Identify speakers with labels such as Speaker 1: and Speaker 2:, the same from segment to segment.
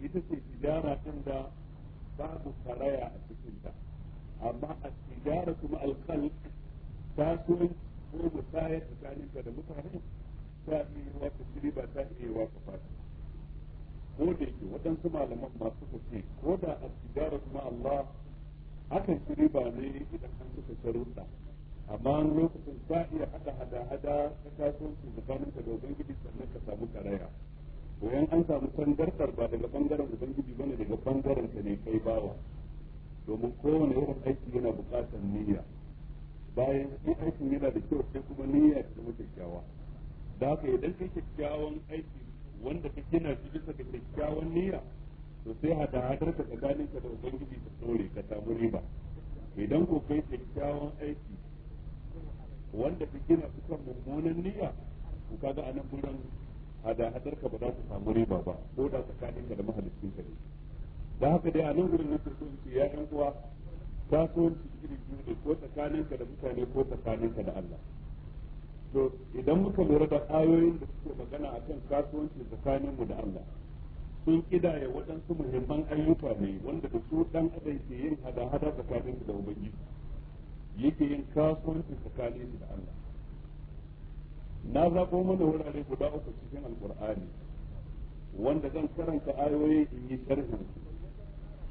Speaker 1: ita ce tijara ɗin da babu karaya a cikinta amma a tijara kuma alkal kasuwanci ko musayar ka da mutane ta iya wata shiri ba ta iya wata fata ko da yake waɗansu malaman masu kuce ko da a tijara kuma Allah hakan shiri ba ne idan an suka sharuɗa amma lokacin ta iya hada hada hada ta kasuwanci ka da ubangiji sannan ka samu karaya Wayan an samu tangarɗar ba daga bangaren ubangiji bane daga bangaren ka ne kai bawa domin kowane yawan aiki yana buƙatar niyya bayan in aikin yana da kyau sai kuma niyya ta zama kyakkyawa da haka idan kai kyakkyawan aiki wanda ka gina shi bisa ga kyakkyawan niyya to sai hada hadar ka tsakanin ka da ubangiji ta tsore ka samu riba idan ko kai kyakkyawan aiki wanda ka gina su kan mummunan niyya to kaga anan gurin hada hadar ka ba za ku samu riba ba ko da tsakanin ka da mahalicin ka ne da haka dai a nan gurin nufin sun ce ya yan uwa kasuwanci iri biyu ne ko tsakanin ka da mutane ko tsakanin ka da Allah to idan muka lura da ayoyin da suke magana akan kasuwanci tsakanin mu da Allah sun kidaya waɗansu muhimman ayyuka ne wanda da su dan adam ke yin hada-hada tsakanin da ubangiji yake yin kasuwanci tsakanin da Allah na zaɓo mana wurare guda uku cikin alƙur'ani. wanda zan karanta ayoyi in yi sharhin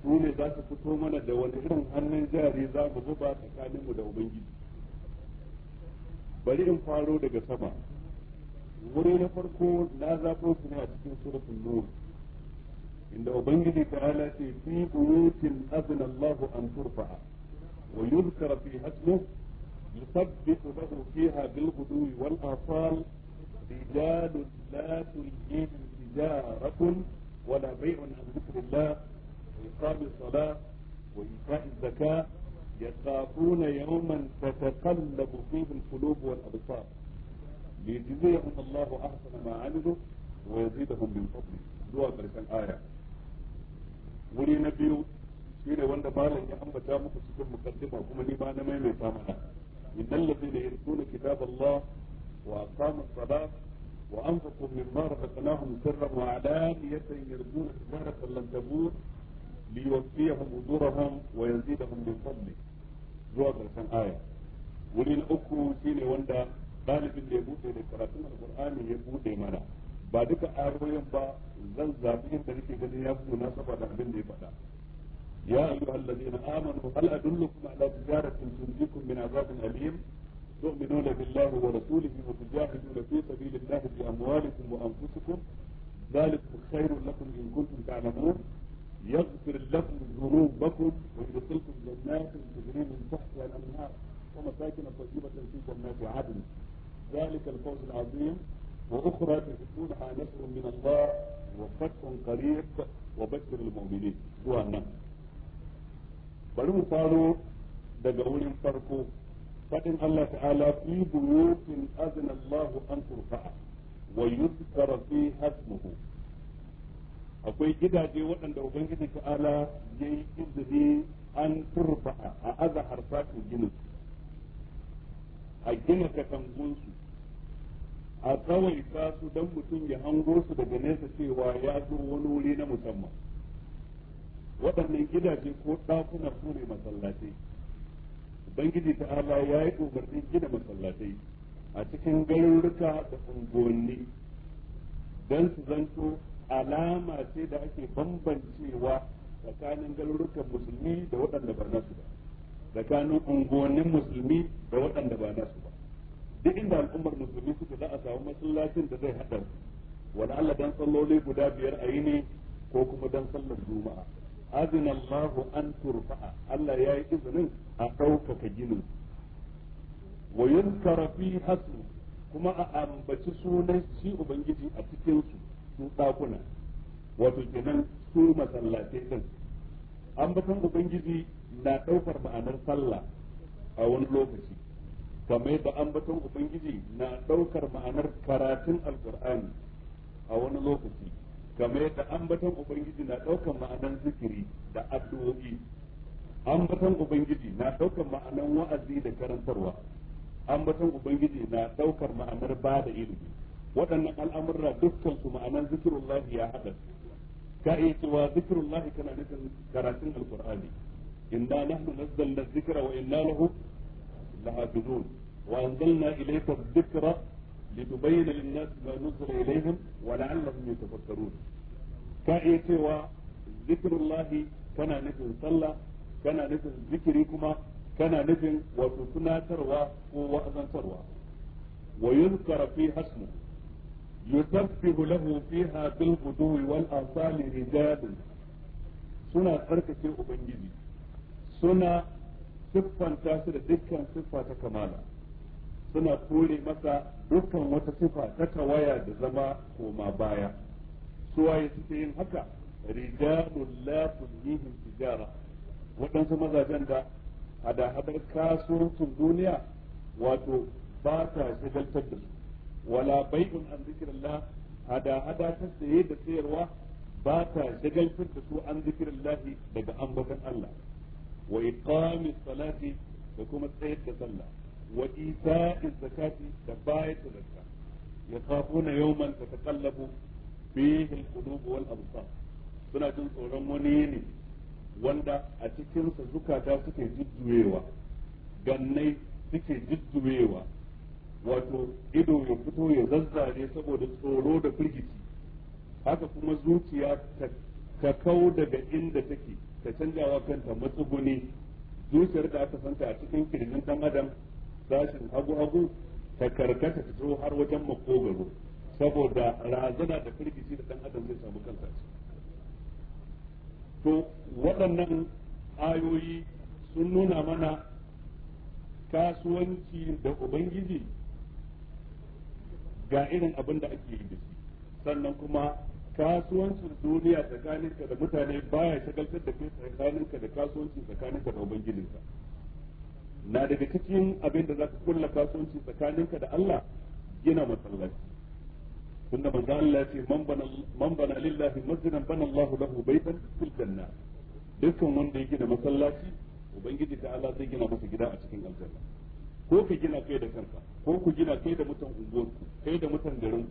Speaker 1: su ne za su fito mana da wani irin hannun jari za mu buba tsakaninmu da ubangiji bari in faro daga sama wuri na farko na zaɓo su ne a cikin surafin nur inda ubangiji ta'ala ce fi buyutin azna Allahu an turfa
Speaker 2: wa yuzkara
Speaker 1: fi hasmu يثبت له فيها بالغدو والآصال رجال لا تلهيهم تجارة ولا بيع عن ذكر الله وإقام الصلاة وإيتاء الزكاة يخافون يوما تتقلب فيه القلوب والأبصار ليجزيهم الله أحسن ما عملوا ويزيدهم من فضله zuwa ƙarshen الايه ولي نبيو biyu وندبالا wanda malam ya ambata مقدمة cikin mukaddima kuma ni إن الذين يرثون كتاب الله وأقاموا الصلاة وأنفقوا مما رزقناهم سرا وعلانية يرجون تجارة لن تبور ليوفيهم أجورهم ويزيدهم من فضله zuwa ƙarshen aya wuri na uku shine wanda ɗalibin da ya buɗe da karatun al'kur'ani ya buɗe mana ba duka aroyan ba zan zaɓi yadda nake ganin ya fi na abin da ya faɗa يا أيها الذين آمنوا هل أدلكم على تجارة تنجيكم من عذاب أليم تؤمنون بالله ورسوله وتجاهدون في سبيل الله بأموالكم وأنفسكم ذلك خير لكم إن كنتم تعلمون يغفر لكم ذنوبكم ويدخلكم جنات تجري من تحتها الأنهار ومساكن طيبة في جنات عدن ذلك الفوز العظيم وأخرى تجدون نصر من الله وفتح قريب وبشر المؤمنين هو النمل bari mu faro daga wurin farko faɗin Allah ta'ala fi buyutin azna Allah an turfa wa yuzkara fi hasmuhu akwai gidaje waɗanda ubangiji ta'ala yayi izini an turfa a aza harfatu ginin a gina katangunsu a tsawaita su dan mutum ya hango su daga nesa cewa ya zo wani wuri na musamman waɗannan gidaje ko ɗakuna su ne masallatai ubangiji ta ala ya yi umarnin gina masallatai a cikin garuruka da unguwanni don su zanto alama ce da ake bambancewa tsakanin garurukan musulmi da waɗanda ba nasu ba tsakanin unguwannin musulmi da waɗanda ba nasu ba duk inda al'ummar musulmi suka za a samu masallacin da zai haɗa wani Allah dan salloli guda biyar a yi ne ko kuma don sallar juma'a azina Allah an turfa'a Allah ya yi izinin a ɗaukaka ginin wa yunkara fi kuma a ambaci sunan shi ubangiji a cikin su su wato kenan su masallatai din ambatan ubangiji na ɗaukar ma'anar sallah a wani lokaci kamar yadda ambaton ubangiji na ɗaukar ma'anar karatun alkur'ani a wani lokaci kamar yadda ambaton ubangiji na daukan ma'anan zikiri da addu'o'i ambaton ubangiji na daukan ma'anan wa'azi da karantarwa ambaton ubangiji na daukar ma'anar ba da ilimi waɗannan al'amurra dukkan su ma'anan zikirullahi ya haɗa ka iya cewa zikirullahi kana nufin karatun alqur'ani inna nahnu nazzalna dhikra wa inna lahu lahafizun wa anzalna ilayka dhikra لتبين للناس ما نزل إليهم ولعلهم يتفكرون كأيتوا ذكر الله كان نفن صلى كان نفن ذكري كما كان نفن وتسنى تروى وأذن تروى ويذكر فيها اسمه يسبح له فيها بالغدو والآصال رجال سنة تركة أبنجي سنة siffanta su da dukkan siffa ta kamala suna kore masa dukkan wata sifa ta kawaya da zama koma baya suwaye suke yin haka rijalun la tulhihim tijara waɗansu mazajen da hada-hadar kasuwancin duniya wato ba ta shagaltar da su wala bai'un an zikirillah hada-hada ta saye da sayarwa ba ta shagaltar da su an zikirillah daga ambaton Allah wa iqamis salati da kuma tsayar da sallah wa ita'iz zakati da bayar ya zakka yakhafuna yawman tataqallabu fihi al-qulub wal absar suna jin tsoron wani ne wanda a cikinsa zukata suke jujjuyewa gannai suke jujjuyewa wato ido ya fito ya zazzare saboda tsoro da firgici haka kuma zuciya ta kawo daga inda take ta canjawa kanta matsuguni zuciyar da aka santa a cikin kirjin dan adam sashin hagu hagu ta karkata ta zo har wajen makogaro saboda razana da firgici da dan adam zai samu kansa to waɗannan ayoyi sun nuna mana kasuwanci da ubangiji ga irin abin da ake yi da shi sannan kuma kasuwancin duniya tsakaninka da mutane baya shagaltar da kai tsakaninka da kasuwancin tsakaninka da ubangijinka na daga cikin abin da za ka kulla kasuwanci tsakaninka da Allah gina masallaci tunda manzo Allah ce man bana lillahi masjidan bana Allahu lahu baytan fil janna dukkan wanda ya gina masallaci ubangiji ta Allah zai gina masa gida a cikin aljanna ko ka gina kai da kanka ko ku gina kai da mutan unguwarku kai da mutan garin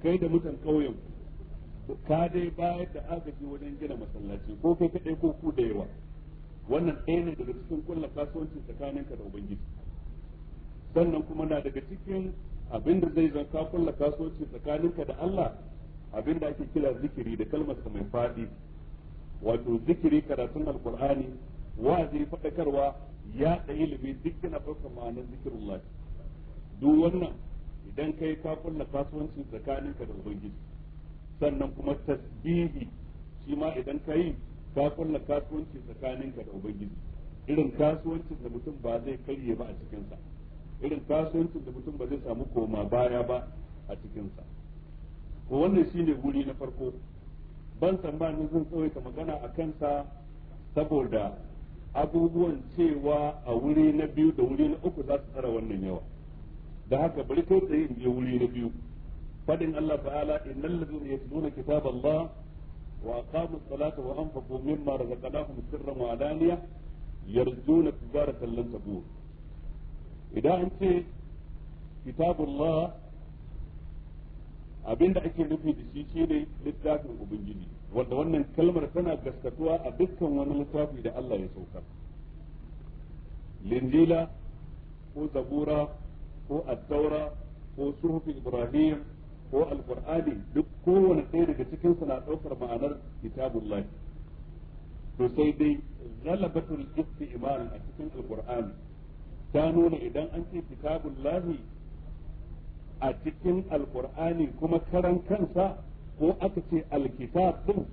Speaker 1: kai da mutan ƙauyenku ka dai bayar da agaji wajen gina masallaci ko kai kaɗai ko ku da yawa wannan ɗaya ne daga cikin kulla kasuwanci tsakaninka da ubangiji sannan kuma na daga cikin abinda zai zan ka kulla kasuwanci tsakaninka da Allah abinda ake kira zikiri da kalmar mai faɗi wato zikiri karatun alkur'ani wa'azi faɗakarwa ya da ilimi duk yana ɗaukar ma'anar zikirullah duk wannan idan kai ka kulla kasuwanci tsakaninka da ubangiji sannan kuma tasbihi shi ma idan ka ka kulla kasuwanci tsakanin ka da ubangiji irin kasuwancin da mutum ba zai karye ba a cikinsa irin kasuwancin da mutum ba zai samu koma baya ba a cikinsa ko wannan shine wuri na farko ban ni zan tsawaita magana a kansa saboda abubuwan cewa a wuri na biyu da wuri na uku za su tsara wannan yawa da haka bari kai tsaye in je wuri na biyu fadin Allah ta'ala innal ladzina yatluna kitaballah وأقاموا الصلاة وأنفقوا مما رزقناهم سرا وعلانية يرجون تجارة لن تبور إذا أنت كتاب الله abin da ake nufi da shi shi ne littafin ubangiji wanda wannan kalmar tana gaskatuwa a dukkan wani littafi da Allah ya saukar linjila ko zabura ko addaura ko suhufi ibrahim ko alkur'ani duk kowane ɗaya daga cikin na ɗaukar ma'anar kitabullah to sai dai galabatul isti'mal a cikin alkur'ani ta nuna idan an ce kitabullah a cikin alkur'ani kuma karan kansa ko aka ce alkitab din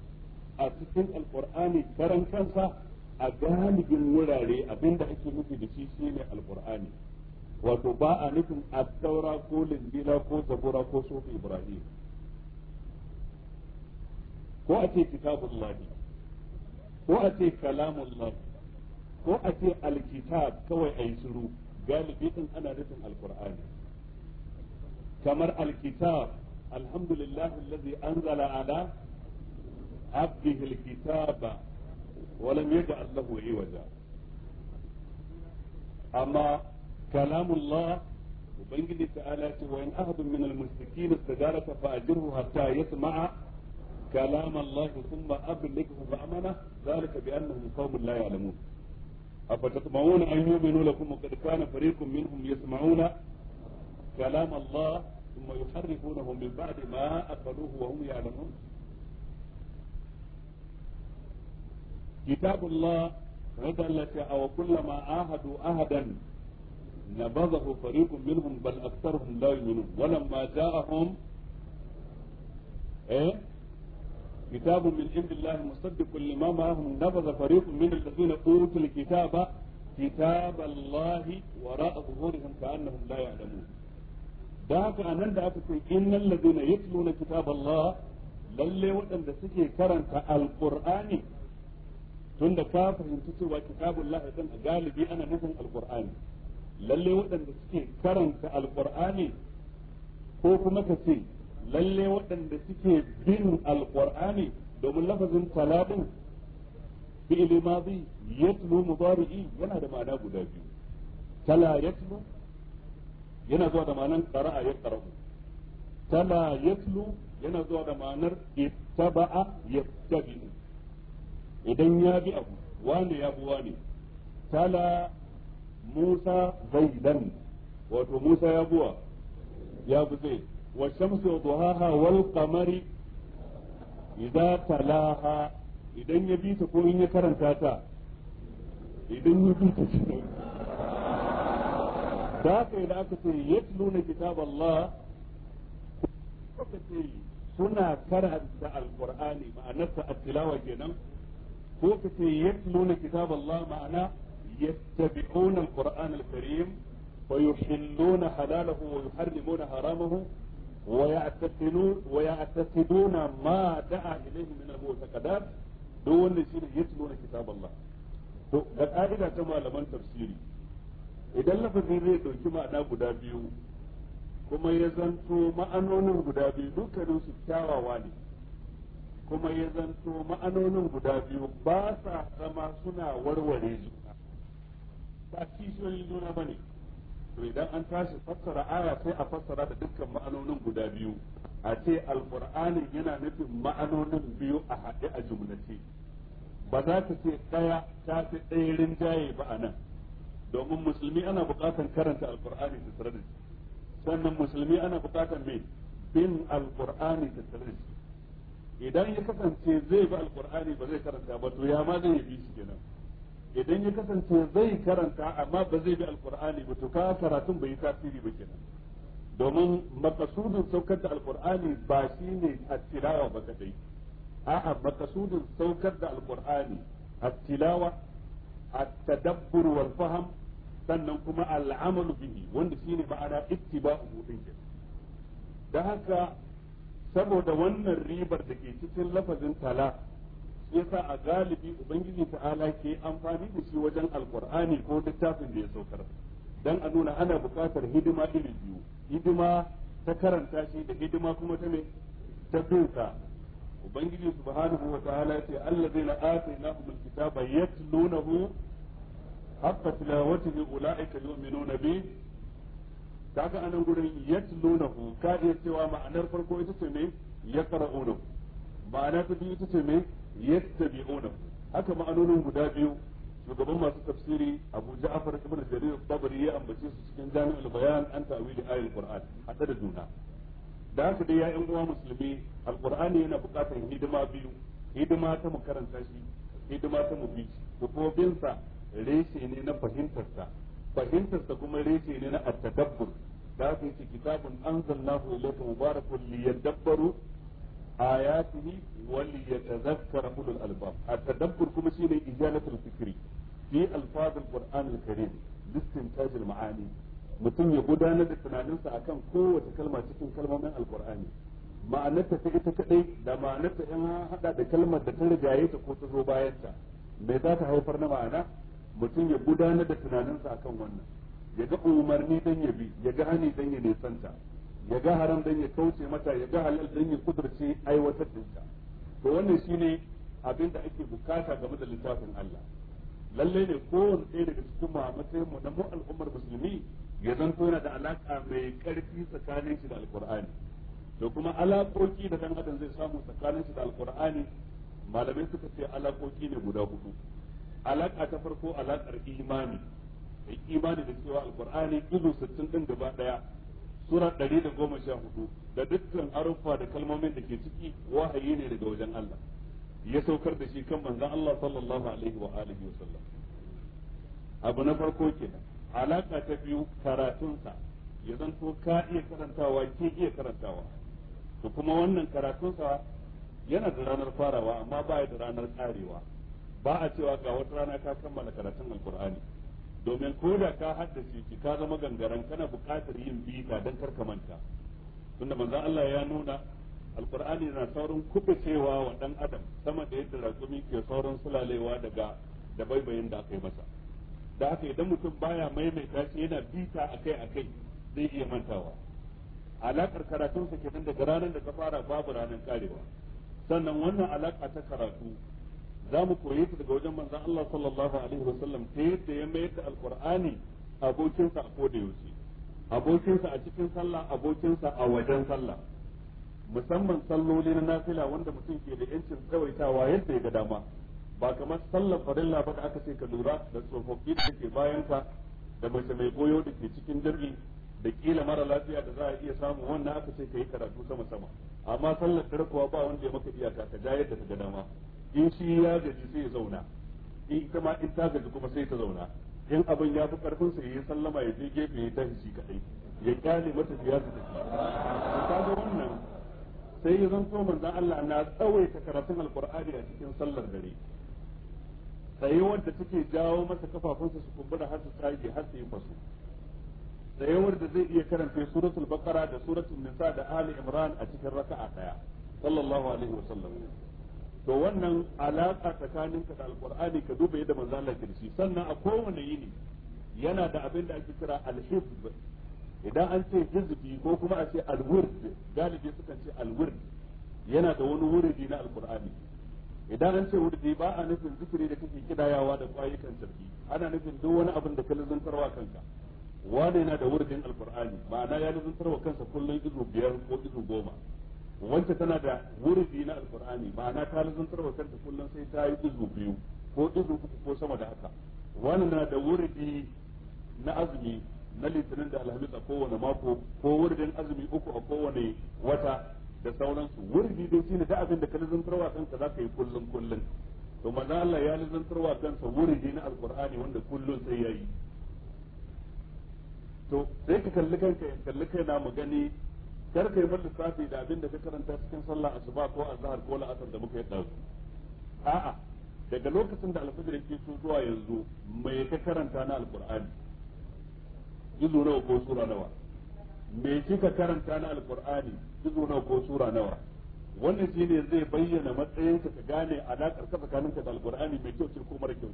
Speaker 1: a cikin alkur'ani karan kansa a galibin wurare abinda ake nufi da shi shine alkur'ani. wato ba a nufin attaura ko linjila ko zabura ko sufi ibrahim ko a ce kitabullahi ko a ce kalamullahi ko a ce alkitab kawai a yi shiru galibi din ana nufin alkur'ani kamar alkitab alhamdulillah alladhi anzala ala عبده الكتاب ولم يجعل له عوجا amma. كلام الله وبنجد تعالى وإن أحد من المشركين استجارك فأجره حتى يسمع كلام الله ثم أبلغه بأمنة ذلك بأنهم قوم لا يعلمون أفتطمعون أن يؤمنوا لكم وقد كان فريق منهم يسمعون كلام الله ثم يحرفونه من بعد ما أقلوه وهم يعلمون كتاب الله غدا لك أو كلما عاهدوا أهداً نبذه فريق منهم بل أكثرهم لا يؤمنون ولما جاءهم إيه كتاب من عند الله مصدق لما معهم نبذ فريق من الذين أوتوا الكتاب كتاب الله وراء ظهورهم كأنهم لا يعلمون da haka a nan da aka ce lalle waɗanda suke karanta alqur'ani tunda ka fahimci cewa kitabullahi a galibi ana nufin alkur'ani. lalle waɗanda suke karanta alqur'ani ko kuma ka ce lalle waɗanda suke bin alqur'ani domin lafazin talabin fi'il madi yatlu mudari'i yana da ma'ana guda biyu tala yatlu yana zuwa da ma'anar qara'a ya qara'u tala yatlu yana zuwa da ma'anar ittaba'a tabi'u idan ya bi abu wane ya bi wane tala Musa zaidan wato Musa ya buwa ya bi zai wa shamsu wa duhaha wal qamari idza talaha idan ya bi ta ko in ya karanta ta idan ya bi ta da haka idan aka ce yatluna kitab Allah kuka ce suna karanta alqur'ani ma'anarsa at-tilawa kenan ko ka ce yatluna kitab Allah ma'ana يتبعون القرآن الكريم ويحلون حلاله ويحرمون حرامه ويعتقدون ويعتقدون ما دعا إليه من المعتقدات دون شيء يتلون كتاب الله da ka'ida ta malaman tafsiri idan lafazin zai ɗauki ma'ana guda biyu kuma ya zanto ma'anonin guda biyu dukkanin su kyawawa ne kuma ya zanto ma'anonin guda biyu ba sa zama suna warware ba kishiyoyin juna ba ne to idan an tashi fassara aya sai a fassara da dukkan ma'anonin guda biyu a ce al'ƙur'ani yana nufin ma'anonin biyu a haɗe a jumlace ba za ta ce ɗaya ta fi ɗaya rinjaye ba a nan domin musulmi ana buƙatar karanta alqur'ani ta tare da shi sannan musulmi ana buƙatar me bin alqur'ani ta tare da shi idan ya kasance zai bi al'ƙur'ani ba zai karanta ba to ya ma zai bi shi kenan idan ya kasance zai karanta amma ba zai bi alkur'ani ba to karatun bai yi tasiri ba kenan domin makasudin saukar da alkur'ani ba shi ne a tilawa ba kadai a'a makasudin saukar da alkur'ani a tilawa a tadabbur wal faham sannan kuma al'amalu bihi wanda shine ma'ana ittiba'u din kenan da haka saboda wannan ribar da ke cikin lafazin tala ya yasa a galibi ubangiji ta'ala ke amfani da shi wajen alkur'ani ko littafin da ya saukar dan a nuna ana buƙatar hidima iri biyu hidima ta karanta shi da hidima kuma ta me ta doka ubangiji subhanahu wa ta'ala ce allazina atainahum alkitaba yatlunahu haqqa tilawatihi ulaika yu'minuna bi kaga anan gurin yatlunahu ka iya cewa ma'anar farko ita ce me yaqra'unahu ma'ana ta biyu ita ce me yattabi'una haka ma'anonin guda biyu shugaban masu tafsiri Abu Ja'far ibn Jarir Tabari ya ambace su cikin Jami'ul Bayan an tawili ayatul Qur'an hada da juna da haka dai ya yan uwa musulmi alqur'ani yana bukatar hidima biyu hidima ta mu karanta shi hidima ta mu bi ko bin sa reshe ne na fahimtar sa fahimtar sa kuma reshe ne na at-tadabbur da haka yake kitabun anzalnahu ilayka mubarakun liyadabbaru ayatihi wal yatadhakkar ulul albab at-tadabbur kuma shine ijalatul fikri fi alfaz al-qur'an karim maani mutum ya gudanar da tunaninsa akan kowace kalma cikin kalmomin alqur'ani ma'anarta ta ita kadai da ma'anarta in hada da kalmar da ta rigaye ta ko ta zo bayan ta me za ta haifar na ma'ana mutum ya gudanar da tunaninsa akan wannan ya ga umarni dan ya bi ya ga hani dan ya nisanta ya ga haram dan ya kauce mata ya ga halal dan ya kudurce aiwatar da ita to wannan shine abin da ake bukata game da littafin Allah lalle ne kowanne ɗaya daga cikin mu mu na mu al'ummar musulmi ya zanto yana da alaka mai karfi tsakanin shi da alqur'ani da kuma alaƙoƙi da dan adam zai samu tsakanin shi da alqur'ani malamai suka ce alaƙoƙi ne guda hudu alaka ta farko alaƙar imani imani da cewa alqur'ani izu ɗin din gaba daya sura ɗari da goma sha hudu da dukkan arufa da kalmomin da ke ciki wahayi ne daga wajen Allah ya saukar da shi kan manzon Allah sallallahu alaihi wa alihi wa sallam abu na farko kenan alaka ta biyu karatunsa ya zan to ka iya karantawa ke iya karantawa to kuma wannan karatunsa yana da ranar farawa amma ba da ranar karewa ba a cewa ga wata rana ka kammala karatun alkur'ani domin ko da ka haddace shi ka zama gangaren kana buƙatar yin bita dan karka manta tunda manzon Allah ya nuna alqur'ani na saurin kubucewa wa dan adam sama da yadda rakumi ke saurin sulalewa daga da baibayin da aka yi masa da haka idan mutum baya maimaita shi yana bita akai-akai zai iya mantawa alaƙar karatunsa kenan daga ranar da ta fara babu ranar karewa sannan wannan alaƙa ta karatu za mu koyi su daga wajen manzan Allah sallallahu alaihi wasallam ta yadda ya mayar da alkur'ani abokinsa a koda yaushe abokinsa a cikin sallah abokinsa a wajen sallah musamman salloli na nafila wanda mutum ke da yancin tsawaitawa yadda ya ga dama ba kamar sallar farilla ba da aka ce ka lura da tsofaffi da ke bayan ka da mace mai goyo da ke cikin jirgi da kila mara lafiya da za a iya samu wannan aka ce ka yi karatu sama sama amma sallar tarkowa ba wanda ya maka iyaka ka ja yadda ka ga dama in shi ya gaji sai ya zauna in ita ma in ta gaji kuma sai ta zauna in abin ya fi karfin sa yayin sallama ya je gefe ya tashi shi kadai ya kyale mata biya su tafi ta ga wannan sai ya zanto manzon Allah na tsawaita karatun alqur'ani a cikin sallar dare sai wanda take jawo masa kafafunsa su kumbura har su tsage har su yi fasu sai wanda zai iya karanta suratul baqara da suratul nisa da ali imran a cikin raka'a daya sallallahu alaihi wasallam to wannan alaka tsakaninka da alqur'ani ka duba yadda manzo Allah ya sannan a kowane yini yana da abin da ake kira alhizb idan an ce hizbi ko kuma a ce alwurd galibi sukan ce alwurd yana da wani wuridi na alqur'ani idan an ce wurdi ba a nufin zikiri da kake kidayawa da kwayukan sarki ana nufin duk wani abin da ka lazantarwa kanka wane yana da wurdin alqur'ani ma'ana ya lazantarwa kansa kullum izu biyar ko izu goma wanda tana da wurbi na alkur'ani ma'ana ta lazantar wa kanta kullum sai ta yi izu biyu ko izu uku ko sama da haka wannan na da wurbi na azumi na litinin da alhamis a kowane mako ko wurbin azumi uku a kowane wata da sauransu wurbi dai ne da abin da ka lazantar wa kanka ka yi kullum kullum to manzo Allah ya lazantar wa kansa wurbi na alkur'ani wanda kullum sai ya yi to sai ka kalli kanka kalli kaina mu gani kar yi mun lissafi da abin da ka karanta cikin sallah asuba ko azhar ko la'asar da muka yi su a'a daga lokacin da alfajir yake so zuwa yanzu mai ka karanta na alqur'ani izo nawa ko sura nawa me kika karanta na alqur'ani izo nawa ko sura nawa wannan shine zai bayyana matsayinka ka gane alaƙar ka tsakaninka da alqur'ani mai kyau ko mara kyau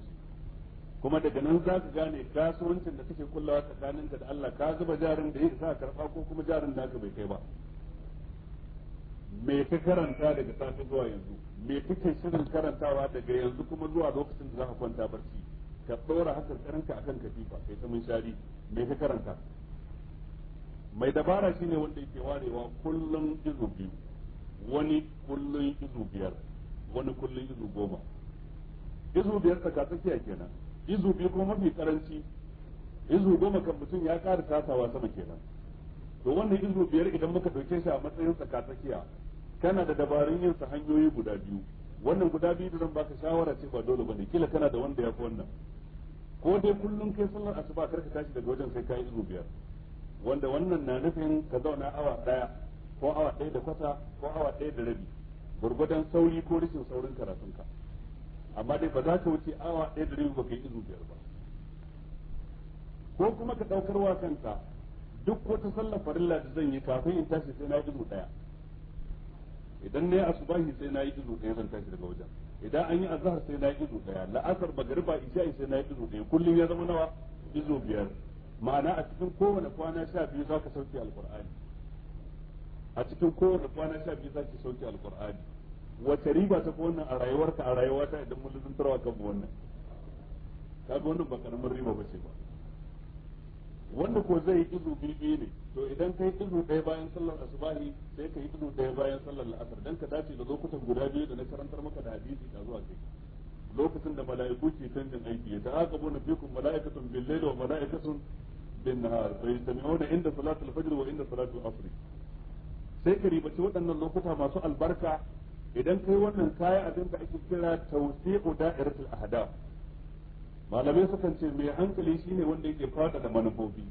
Speaker 1: kuma daga nan za ka gane kasuwancin da kake kullawa tsakaninka da Allah ka zuba jarin da yake sa karfa ko kuma jarin da aka bai kai ba me ka karanta daga safe zuwa yanzu me kake shirin karantawa daga yanzu kuma zuwa lokacin da za ka kwanta barci ka ɗora hakan karanta akan katifa kai ta shari me ka karanta mai dabara shine wanda yake warewa kullum izu biyu wani kullum izu biyar wani kullum izu goma izu biyar tsaka tsakiya kenan izu biyu kuma mafi karanci izu goma kan mutum ya ƙara tasawa sama kenan to wannan izu biyar idan muka dauke shi a matsayin tsakatsakiya kana da dabarun yin sa hanyoyi guda biyu wannan guda biyu da zan baka shawara ce ba dole bane kila kana da wanda ya fi wannan ko dai kullum kai sallar asuba karka tashi daga wajen sai kai izu biyar wanda wannan na nufin ka zauna awa daya ko awa ɗaya da kwata ko awa ɗaya da rabi gurgudan sauri ko rashin saurin karatunka amma dai ba za ka wuce awa ɗaya da rabi ba ka izu biyar ba ko kuma ka ɗaukar wa kanka duk wata sallar farilla da zan yi kafin in tashi sai na yi izu ɗaya idan na yi asubahi sai na yi izu ɗaya zan tashi daga wajen idan an yi azahar sai na yi izu ɗaya la'asar ba magariba isha sai na yi izu ɗaya kullum ya zama nawa izu biyar ma'ana a cikin kowane kwana sha biyu za ka sauke alkur'ani a cikin kowane kwana sha biyu za ki sauke alkur'ani wace riba ta fi wannan a rayuwarka a rayuwata idan mun lizantarwa kan wannan kaga wannan ba karamin riba ba ce ba wanda ko zai yi izu biyu ne to idan kai izu ɗaya bayan sallar asubahi sai ka yi izu ɗaya bayan sallar la'asar dan ka dace da lokutan guda biyu da na karantar maka da hadisi da zuwa kai lokacin da mala'iku ke canjin aiki ya ta ta'aqabuna fikum mala'ikatun bil da wa mala'ikatun bin nahar fa yastami'una inda salatul fajr wa inda salatul asr sai ka ribaci waɗannan lokuta masu albarka idan kai wannan kayan abin da ake kira tawsi'u da'iratul ahdaf malamai sukan ce mai hankali shine wanda yake fada da manufofi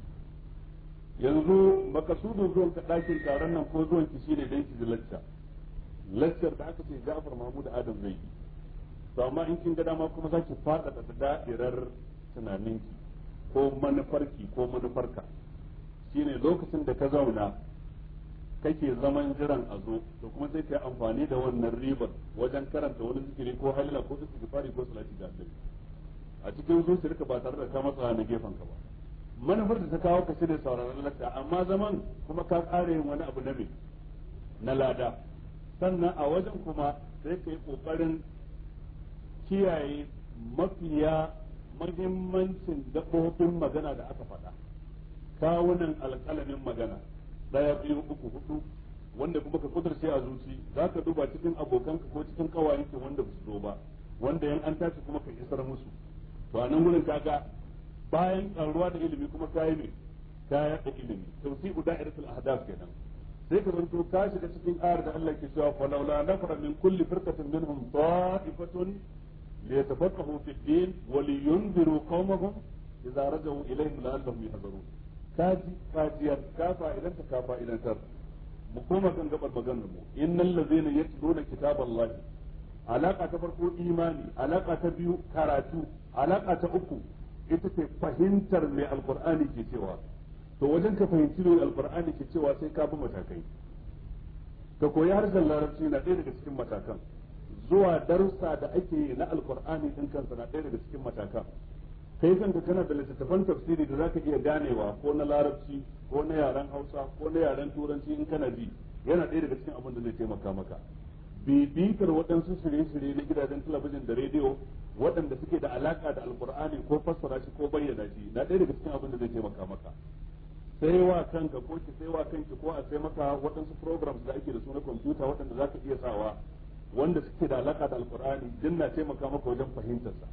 Speaker 1: yanzu makasudin zuwan ka dakin taron nan ko zuwan ki shine dan ki lacca laccar da aka ce Ja'far Mahmud Adam zai yi to amma in kin ga dama kuma zaki fada da da'irar tunaninki ko manufarki ko manufarka shine lokacin da ka zauna kake zaman jiran a zo to kuma sai ka yi amfani da wannan ribar wajen karanta wani zikiri ko halila ko fari ko salati da annabi a cikin zuciyarka ba tare da ka masa na gefen ka ba manufar da ta kawo ka shirya sauraron lakta amma zaman kuma ka kare yin wani abu na me na lada sannan a wajen kuma sai ka yi ƙoƙarin kiyaye mafiya mahimmancin dabbobin magana da aka faɗa kawunan alƙalamin magana daya biyu uku hudu wanda kuma ka kudurce a zuci za ka duba cikin abokanka ko cikin kawayenka wanda ba su zo ba wanda yan an tashi kuma ka isar musu to a nan wurin kaga bayan karuwa da ilimi kuma kayi ne kaya da ilimi tawsi'u da'iratul ahdaf kenan sai ka zanto ka shiga cikin ayar da Allah ke cewa fa laula nafara min kulli firqatin minhum ta'ifatun liyatafaqahu fid din wa liyunziru qaumahum idza raja'u ilayhim la'allahum yahzarun kaji kaciyar ka fa'idanta ka fa'idantar mu koma kan gabar maganar mu innal ladzina yatluna kitaballahi alaka ta farko imani alaka ta biyu karatu alaka ta uku ita ce fahimtar mai alqur'ani ke cewa to wajen ka fahimci mai alqur'ani ke cewa sai ka bi matakai ka koyi harshen larabci na ɗaya daga cikin matakan zuwa darussa da ake yi na alqur'ani din kansa na ɗaya daga cikin matakan kai kanka kana da littattafan tafsiri da zaka iya ganewa ko na larabci ko na yaren hausa ko na yaren turanci in kana bi yana ɗaya daga cikin abin da zai taimaka maka bibitar waɗansu shirye-shirye na gidajen talabijin da rediyo waɗanda suke da alaƙa da alkur'ani ko fassara shi ko bayyana shi na ɗaya daga cikin abin da zai taimaka maka sai wa kanka ko ki sai wa kanki ko a sai maka waɗansu programs da ake da su na kwamfuta waɗanda zaka iya sawa wanda suke da alaƙa da alkur'ani dinna na taimaka maka wajen fahimtarsa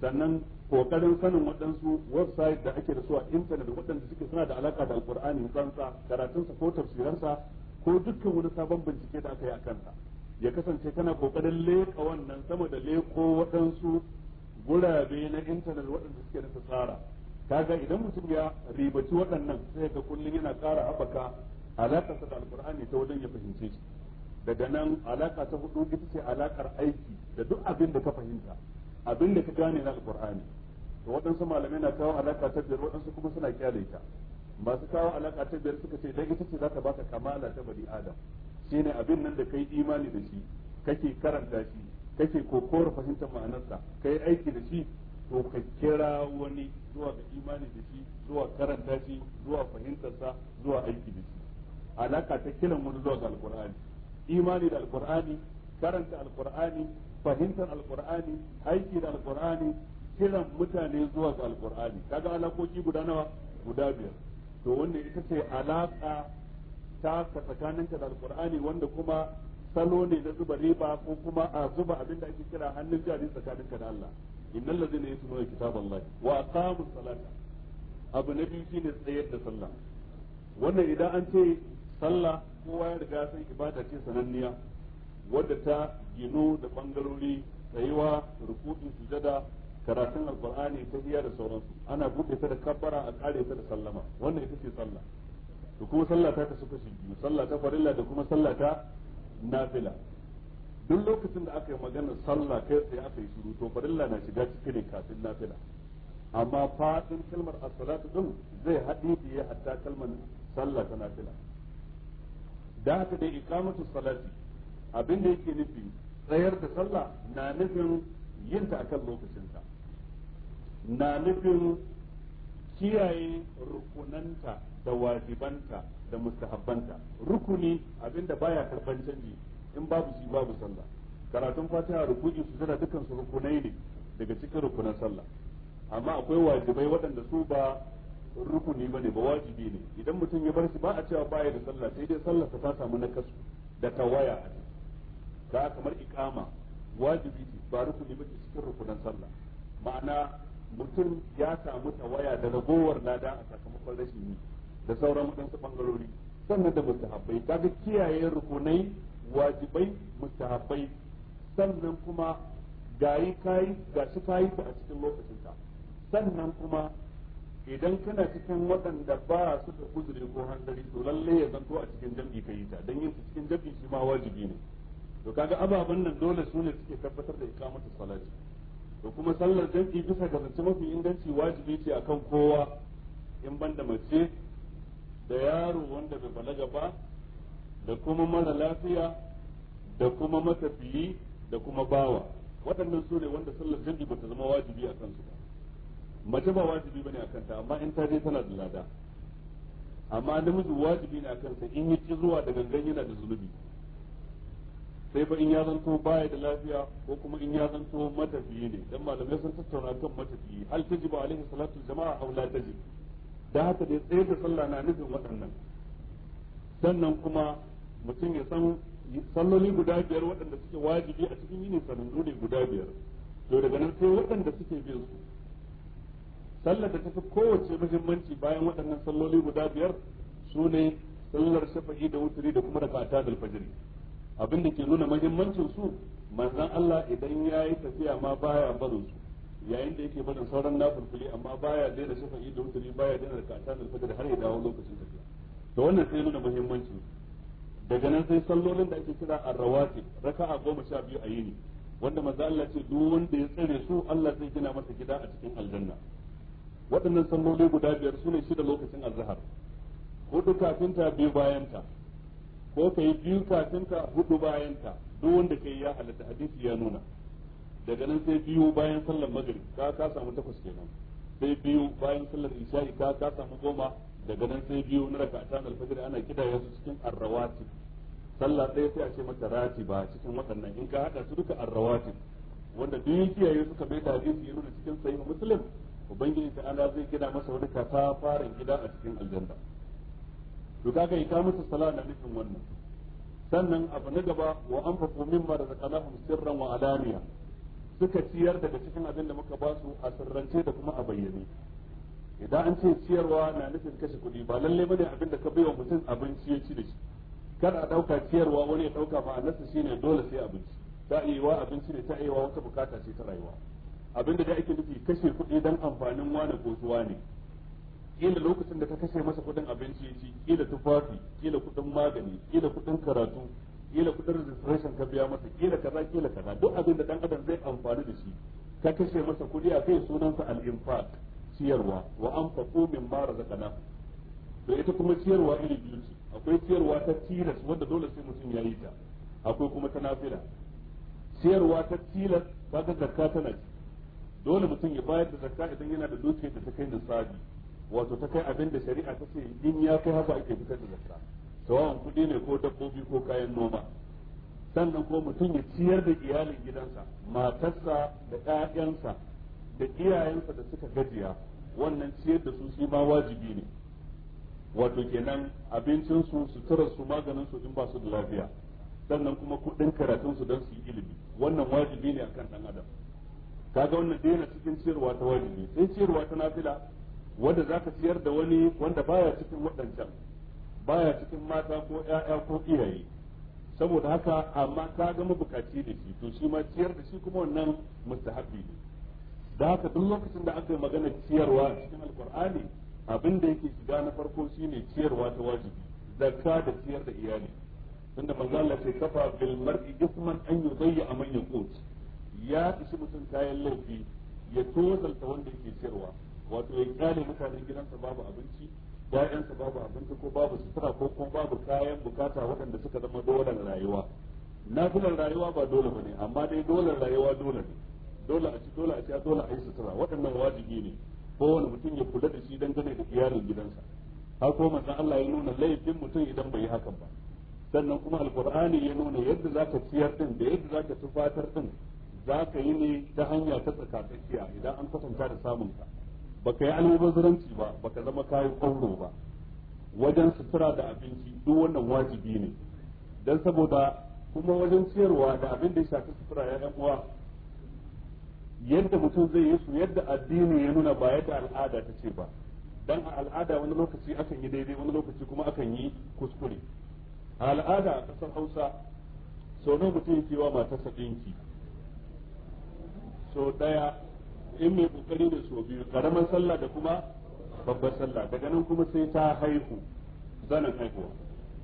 Speaker 1: sannan kokarin sanin waɗansu website da ake da su a intanet waɗanda suke suna da alaka da alkur'ani tsantsa karatunsa ko tafsiransa ko dukkan wani sabon bincike da aka yi a kansa ya kasance tana kokarin leƙa wannan sama da leƙo waɗansu gurabe na intanet waɗanda suke da tsara kaga idan mutum ya ribaci waɗannan sai ga kullum yana ƙara haɓaka alaƙarsa da alkur'ani ta wajen ya fahimce shi daga nan alaƙa ta hudu ita ce alaƙar aiki da duk abin da ka fahimta Abin da ka gane na alkur'ani to waɗansu malamai na kawo alaka ta biyar waɗansu kuma suna kyale ta masu kawo alaka ta biyar suka ce dan ita ce zaka baka kamala ta bani adam shine abin nan da kai imani da shi kake karanta shi kake kokowar fahimtar ma'anarsa kai aiki da shi to ka kira wani zuwa ga imani da shi zuwa karanta shi zuwa fahimtarsa zuwa aiki da shi alaka ta kiran wani zuwa ga alkur'ani imani da alkur'ani karanta alkur'ani fahimtar alkur'ani aiki da alkur'ani kiran mutane zuwa ga alkur'ani kaga alakoki guda nawa guda biyar to wannan ita ce alaka ta ka tsakaninka da alkur'ani wanda kuma salo ne na zuba riba ko kuma a zuba abin da ake kira hannun jari tsakaninka da Allah innal ladina yatluna kitaballahi wa aqamu salata abu na biyu shine tsayar da sallah wannan idan an ce sallah kowa ya riga san ibada ce sananniya wadda ta gino da bangarori tsayuwa rukuɗi sujada karatun alqur'ani ta iya da sauransu ana buɗe ta da kabbara a kare ta da sallama wannan ita ce sallah to kuma sallah ta kasu kashi biyu sallah ta farilla da kuma sallah ta nafila duk lokacin da aka yi magana sallah kai tsaye aka yi shiru to farilla na shiga cikin kafin nafila amma fadin kalmar as-salatu din zai haɗe da ya hatta kalmar sallah ta nafila da haka dai iqamatu salati abin da yake nufi tsayar da sallah na nufin yin ta akan lokacinta na nufin kiyaye rukunanta da wajibanta da mustahabbanta rukuni abin da baya karban canji in babu shi babu sallah karatun fatiha rukuni su zira dukkan su rukunai ne daga cikin rukunan sallah amma akwai wajibai waɗanda su ba rukuni ba ne ba wajibi ne idan mutum ya bar shi ba a cewa baya da sallah sai dai sallah ta samu kasu da tawaya a ciki da kamar ikama wajibi ce ba rukuni ba cikin rukunan sallah ma'ana mutum ya samu tawaya da ragowar lada a sakamakon rashin yi da sauran waɗansu bangarori sannan da ta ga kiyaye rukunai wajibai mutahabbai sannan kuma gayi kayi gashi kayi ta a cikin lokacinta sannan kuma idan kana cikin waɗanda ba su da uzuri ko hanzari to lalle ya zanto a cikin jam'i kai ta dan yin cikin jam'i shi ma wajibi ne to kaga ababen nan dole su ne suke tabbatar da ikamatu salati to kuma sallar jam'i bisa ga zance mafi inganci wajibi ce akan kowa in banda mace da yaro wanda bai balaga ba da kuma mara lafiya da kuma matafiyi da kuma bawa waɗannan su ne wanda sallar jam'i bata zama wajibi a kansu ba mace ba wajibi bane akan ta amma in ta je tana da lada amma namiji wajibi ne akan kansa in yi zuwa da gangan yana da zunubi sai ba in ya zanto baya da lafiya ko kuma in ya zanto matafiyi ne dan malamai sun tattauna kan matafiyi hal tajibu alaihi salatu jama'a aw la tajib da haka dai tsaye da sallah na nufin waɗannan sannan kuma mutum ya san salloli guda biyar waɗanda suke wajibi a cikin yini sanin dole guda biyar to daga nan sai waɗanda suke bin su sallar da ta fi kowace muhimmanci bayan waɗannan salloli guda biyar su ne sallar shafa'i da wuturi da kuma da kata da alfajiri abin da ke nuna muhimmancin su manzon Allah idan ya yi tafiya ma baya barin su yayin da yake barin sauran nafilfili amma baya daina shafa'i da wuturi baya daina da kata da har ya dawo lokacin tafiya to wannan sai nuna muhimmancin daga nan sai sallolin da ake kira arrawati raka'a goma sha biyu a yini wanda manzo Allah ce duk wanda ya tsare su Allah zai gina masa gida a cikin aljanna waɗannan salloli guda biyar su ne shida lokacin azhar hudu kafin ta biyu bayanta. ko ka yi biyu kafin ta hudu bayan ta duk wanda kai ya halatta hadisi ya nuna daga nan sai biyu bayan sallar magrib ka ka samu takwas kenan sai biyu bayan sallar isha'i ka ka samu goma daga nan sai biyu na raka'atan alfajr ana kidaya su cikin arrawati sallah ɗaya sai a ce mata ba cikin waɗannan in ka haɗa su duka arrawati wanda duk ya kiyaye suka bai da hadisi ya nuna cikin sahih muslim ubangiji ta'ala zai gina masa wani katafaren gida a cikin aljanna to kaga ita musu sala na nufin wannan sannan abu na gaba wa anfaqu mimma razaqnahum sirran wa alaniya suka ciyar daga cikin abin da muka basu su a sirrance da kuma a bayyane idan an ce ciyarwa na nufin kashe kuɗi ba lalle bane abin da ka baiwa mutum abinci ya ci da shi kada a dauka ciyarwa wani ya dauka ma'anarsa shine dole sai abinci ta iya abinci ne ta iya wata bukata ce ta rayuwa abin da ake nufi kashe kuɗi dan amfanin wani ko ne kila lokacin da ka kashe masa kudin abinci ya ci kila tufafi kila kudin magani kila kudin karatu kila kudin registration ka biya masa kila kaza kila kaza duk abin da dan adam zai amfani da shi ka kashe masa kudi a kai sunansa al-infaq ciyarwa wa anfaqu mimma razaqnahu to ita kuma ciyarwa iri biyu ce akwai ciyarwa ta tilas wanda dole sai mutum ya yi ta akwai kuma ta nafila ciyarwa ta tilas ba ta zakka tana ci dole mutum ya bayar da zakka idan yana da dukiyar da ta kai nisabi wato ta kai abin da shari'a ta ce in ya kai haka ake fitar da zakka sawan kuɗi ne ko dabbobi ko kayan noma sannan ko mutum ya ciyar da iyalin gidansa matarsa da ƴaƴansa da iyayensa da suka gajiya wannan ciyar da su shi ma wajibi ne wato kenan abincinsu maganin su in ba su da lafiya sannan kuma kuɗin su don su yi ilimi wannan wajibi ne akan ɗan adam kaga wannan daina cikin ciyarwa ta wajibi sai ciyarwa ta nafila wanda zaka ciyar da wani wanda baya cikin waɗancan baya cikin mata ko ƴaƴa ko iyaye saboda haka amma ka ga mabukaci da shi to shi ma ciyar da shi kuma wannan mustahabbi ne da haka duk lokacin da aka yi magana ciyarwa cikin alkur'ani abin da yake shiga na farko shine ciyarwa ta wajibi zakka da ciyar da iyali tunda manzo Allah sai kafa bil mar'i isman an yudayya man yaqut ya isi mutum kayan laifi ya tozalta wanda yake ciyarwa wato ya kyale mutanen gidansa babu abinci ya'yansa babu abinci ko babu sutura ko kuma babu kayan bukata waɗanda suka zama dolar rayuwa nafilar rayuwa ba dole bane amma dai dolar rayuwa dole ne dole a ci dole a ci dole a yi sutura waɗannan wajibi ne kowane mutum ya kula da shi dangane da iyalin gidansa har ko manzon Allah ya nuna laifin mutum idan bai yi hakan ba sannan kuma alqur'ani ya nuna yadda zaka ciyar din da yadda zaka tufatar din zaka yi ne ta hanya ta tsakatsakiya idan an kwatanta da samun ka baka yi almubazzaranci ba baka zama kayan ƙauro ba wajen sutura da abinci duk wannan wajibi ne don saboda kuma wajen ciyarwa da abin da ya shafi sutura ya yan uwa yadda mutum zai yi su yadda addini ya nuna ba yadda al'ada ta ce ba dan a al'ada wani lokaci akan yi daidai wani lokaci kuma akan yi kuskure a al'ada a ƙasar hausa sau nawa mutum ya yake wa matarsa ɗinki sau ɗaya in mai kokari da so biyu karamar sallah da kuma babbar sallah daga nan kuma sai ta haihu zanen haihuwa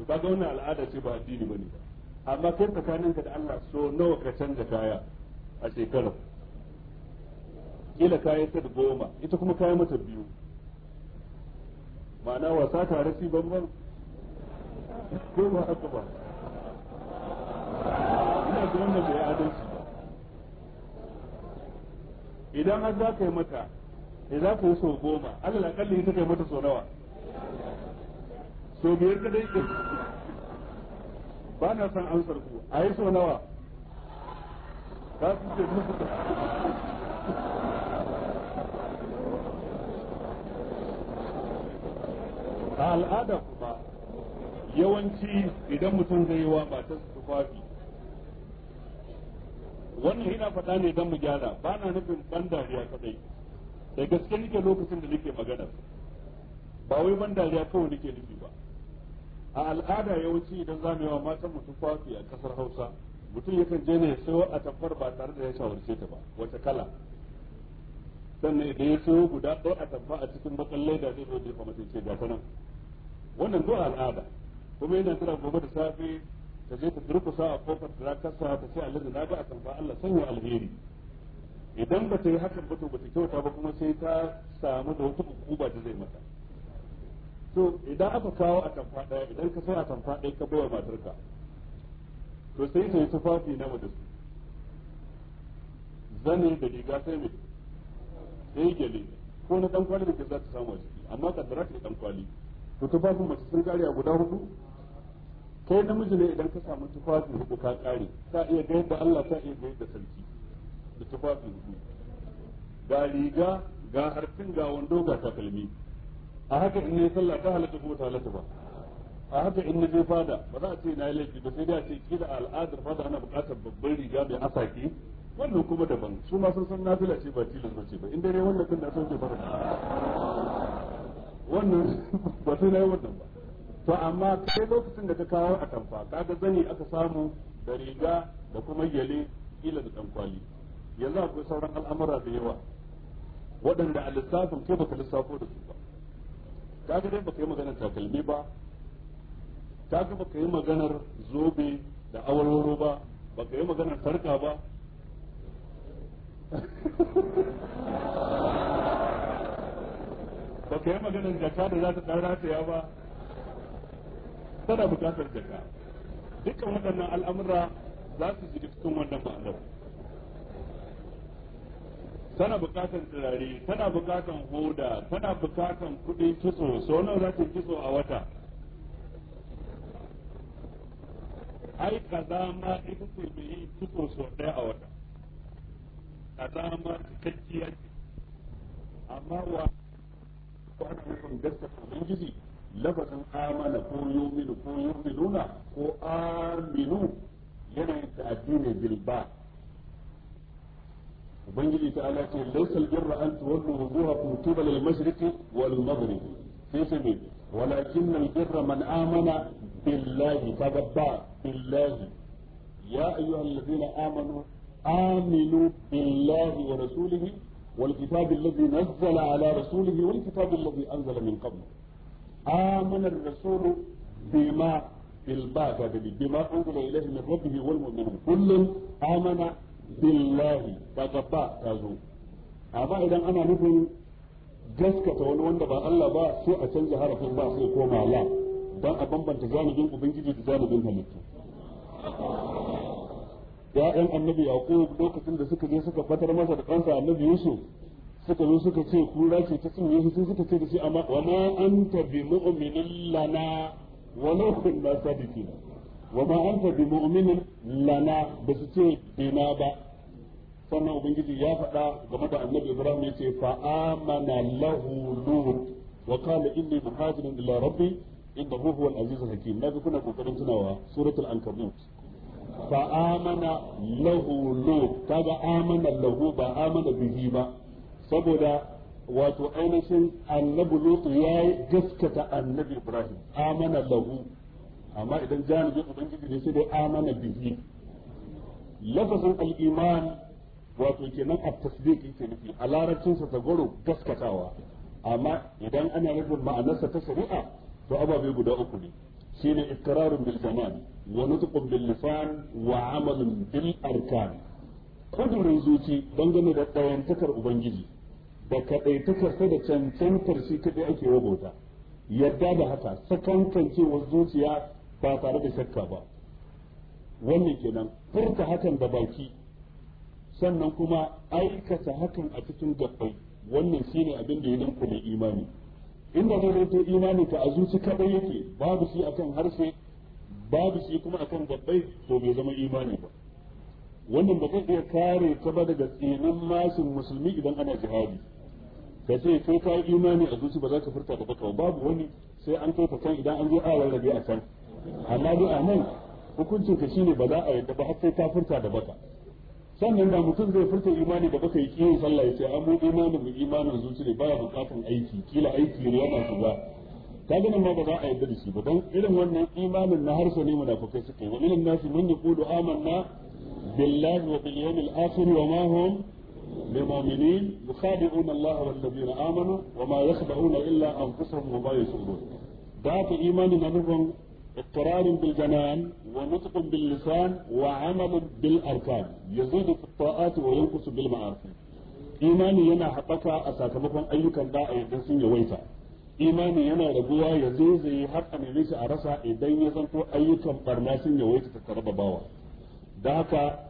Speaker 1: to kaga wannan al'ada ce ba addini bane amma kai tsakaninka da Allah so nawa ka canza kaya a shekarar kila kayan ta da goma ita kuma kayan mata biyu ma'ana wasa tare shi banban ko ba haka ba ina ga wannan bai adalci idan an za ka yi mata ya eh, za ka yi sau goma na kalli ita kai mata sau nawa sau biyar ka dai ba na san amsar ku a yi sau nawa ka su ce musu a al'ada kuma yawanci idan mutum zai yi wa matarsa tufafi wannan ina faɗa ne don mu gyara ba na nufin ban dariya kadai da gaske nike lokacin da nike magana ba wai ban dariya kawai nake nufi ba a al'ada yawanci idan za mu yi wa matan mutum kwafi a kasar hausa mutum yakan je ne sayo a tafar ba tare da ya shawarce ta ba wata kala sannan idan ya sayo guda ɗaya a tafa a cikin bakan leda zai zo jefa mace ce ga nan wannan zuwa al'ada kuma yana tana gobe da safe ta je ta durkusa a kofar da zakarsa ta ce Allah na ga akan ba Allah sanya alheri idan ba ta yi hakan ba to ba ta kyauta ba kuma sai ta samu da wata hukuma da zai mata to idan aka kawo a tamfa daya idan ka sai a tamfa daya ka bawa matarka to sai ta yi tufafi na su zane da riga sai mai sai gele ko na dan kwali da ke za ta samu a ciki amma kaddara ta dan kwali to tufafin mace sun kare a guda hudu kai namiji ne idan ka samu tufafi hudu ka kare ka iya ga yadda Allah ta iya ga yadda sarki da tufafi hudu ga riga ga harfin ga wando ga takalmi a haka in ne sallah ta halatta ko ta halatta ba a haka in ne je fada ba za a ce na yi laifi ba sai dai a ce kila al'adar fada ana buƙatar babban riga mai asaki wannan kuma daban su ma sun san nafila ce ba tilin ba ce ba in dai wannan kan da sauke fara wannan ba sai na yi wannan ba to amma kai lokacin da ka kawo a tamfa kaga zani aka samu da riga da kuma yale kila da dankwali yanzu akwai sauran al'amura da yawa waɗanda a lissafin kai baka lissafo da su ba kaga dai baka yi maganar takalmi ba kaga baka yi maganar zobe da awarwaro ba baka yi maganar sarka ba baka yi maganar jaka da za ta ɗan rataya ba tana bukatar jaka dukkan waɗannan al'amura za su shiga cikin wannan ma'anar tana bukatar turare tana bukatar hoda tana bukatar kuɗin kitso sau nawa za ta kitso a wata ai kaza ma ita ce mai yin kitso sau ɗaya a wata kaza ma cikakkiya ce amma wa kwanan nufin gaskata gizi lafazin amana ko yuminu ko yuminuna ko aminu yana yin ta'dini bil ba ubangiji ta ala ce laysa al birra an tuwallu wujuhakum qibala al mashriqi wal maghrib sai sai ne walakin al birra man amana billahi kaga billahi ya ayyuhal ladina amanu آمنوا بالله ورسوله والكتاب الذي نزل على رسوله والكتاب الذي أنزل من قبله آمن الرسول بما بالبعث بما أنزل إليه من ربه والمؤمنون كل آمن billahi kaga ba ta zo amma idan ana nufin gaskata wani wanda ba Allah ba sai a canza harafin ba sai koma la dan a bambanta zanubin ubangiji da zanubin halittu ya'yan annabi yaqub lokacin da suka je suka batar masa da kansa annabi yusuf suka zo suka ce kura ce ta cinye shi suka ce da shi amma wa ma anta bi mu'minin lana wa sadiqina wa ma anta bi mu'minin lana ba su ce bina ba sannan ubangiji ya faɗa game da annabi ibrahim ce fa amana lahu lut wa qala inni muhajirun ila rabbi hakim nabi kuna kokarin tunawa suratul ankabut fa amana lahu lut kaga amana lahu ba amana bihi ba saboda wato ainihin annabi lutu ya gaskata annabi ibrahim amana lahu amma idan janibin ubangiji ne sai dai amana bihi lafazin al-iman wato kenan a tasdiq yake nufi a larabcin sa tagoro gaskatawa amma idan ana nufin ma'anarsa ta shari'a to ababe guda uku ne shine iqrarun bil zaman wa nutqun bil lisan wa amalun bil arkan kudurin zuci dangane da tsayantakar ubangiji da kaɗaitakarsa da cancantar shi kaɗai ake wabauta yadda da haka wa zuciya ba tare da shakka ba wannan kenan furta hakan da baki sannan kuma aikata hakan a cikin gabbai wannan shine abin da ya danko da imani inda zai zai imani ka a zuci kaɗai yake babu shi akan harshe babu shi kuma akan gabbai to bai zama imani ba wannan ba zai iya kare ta ba daga tsinan masin musulmi idan ana jihadi ka ko kai ka yi imani a zuci ba za ka furta da baka babu wani sai an kai kan idan an je a rabi a can amma dai a nan hukuncin ka shine ba za a yadda ba har sai ka furta da baka sannan da mutum zai furta imani da baka yi kiyin sallah ya ce an mu imani mu imanin zuci ne baya bukatan aiki kila aiki ne yana shiga ka gina ma ba za a yadda da shi ba don irin wannan imanin na harshe ne munafukai suka wa ilin nasu mun kudu amanna billahi wa bil yawmil akhir wa ma hum للمؤمنين يخادعون الله والذين آمنوا وما يخدعون إلا أنفسهم وما يشعرون ذات إيمان نبوهم اضطرار بالجنان ونطق باللسان وعمل بالأركان يزيد في الطاعات وينقص بالمعاصي imani yana haɗaka a sakamakon ayyukan da idan sun yawaita imani yana raguwa ya zaizaye har a neme shi a rasa idan ya zanto ayyukan barna sun yawaita tattare bawa da haka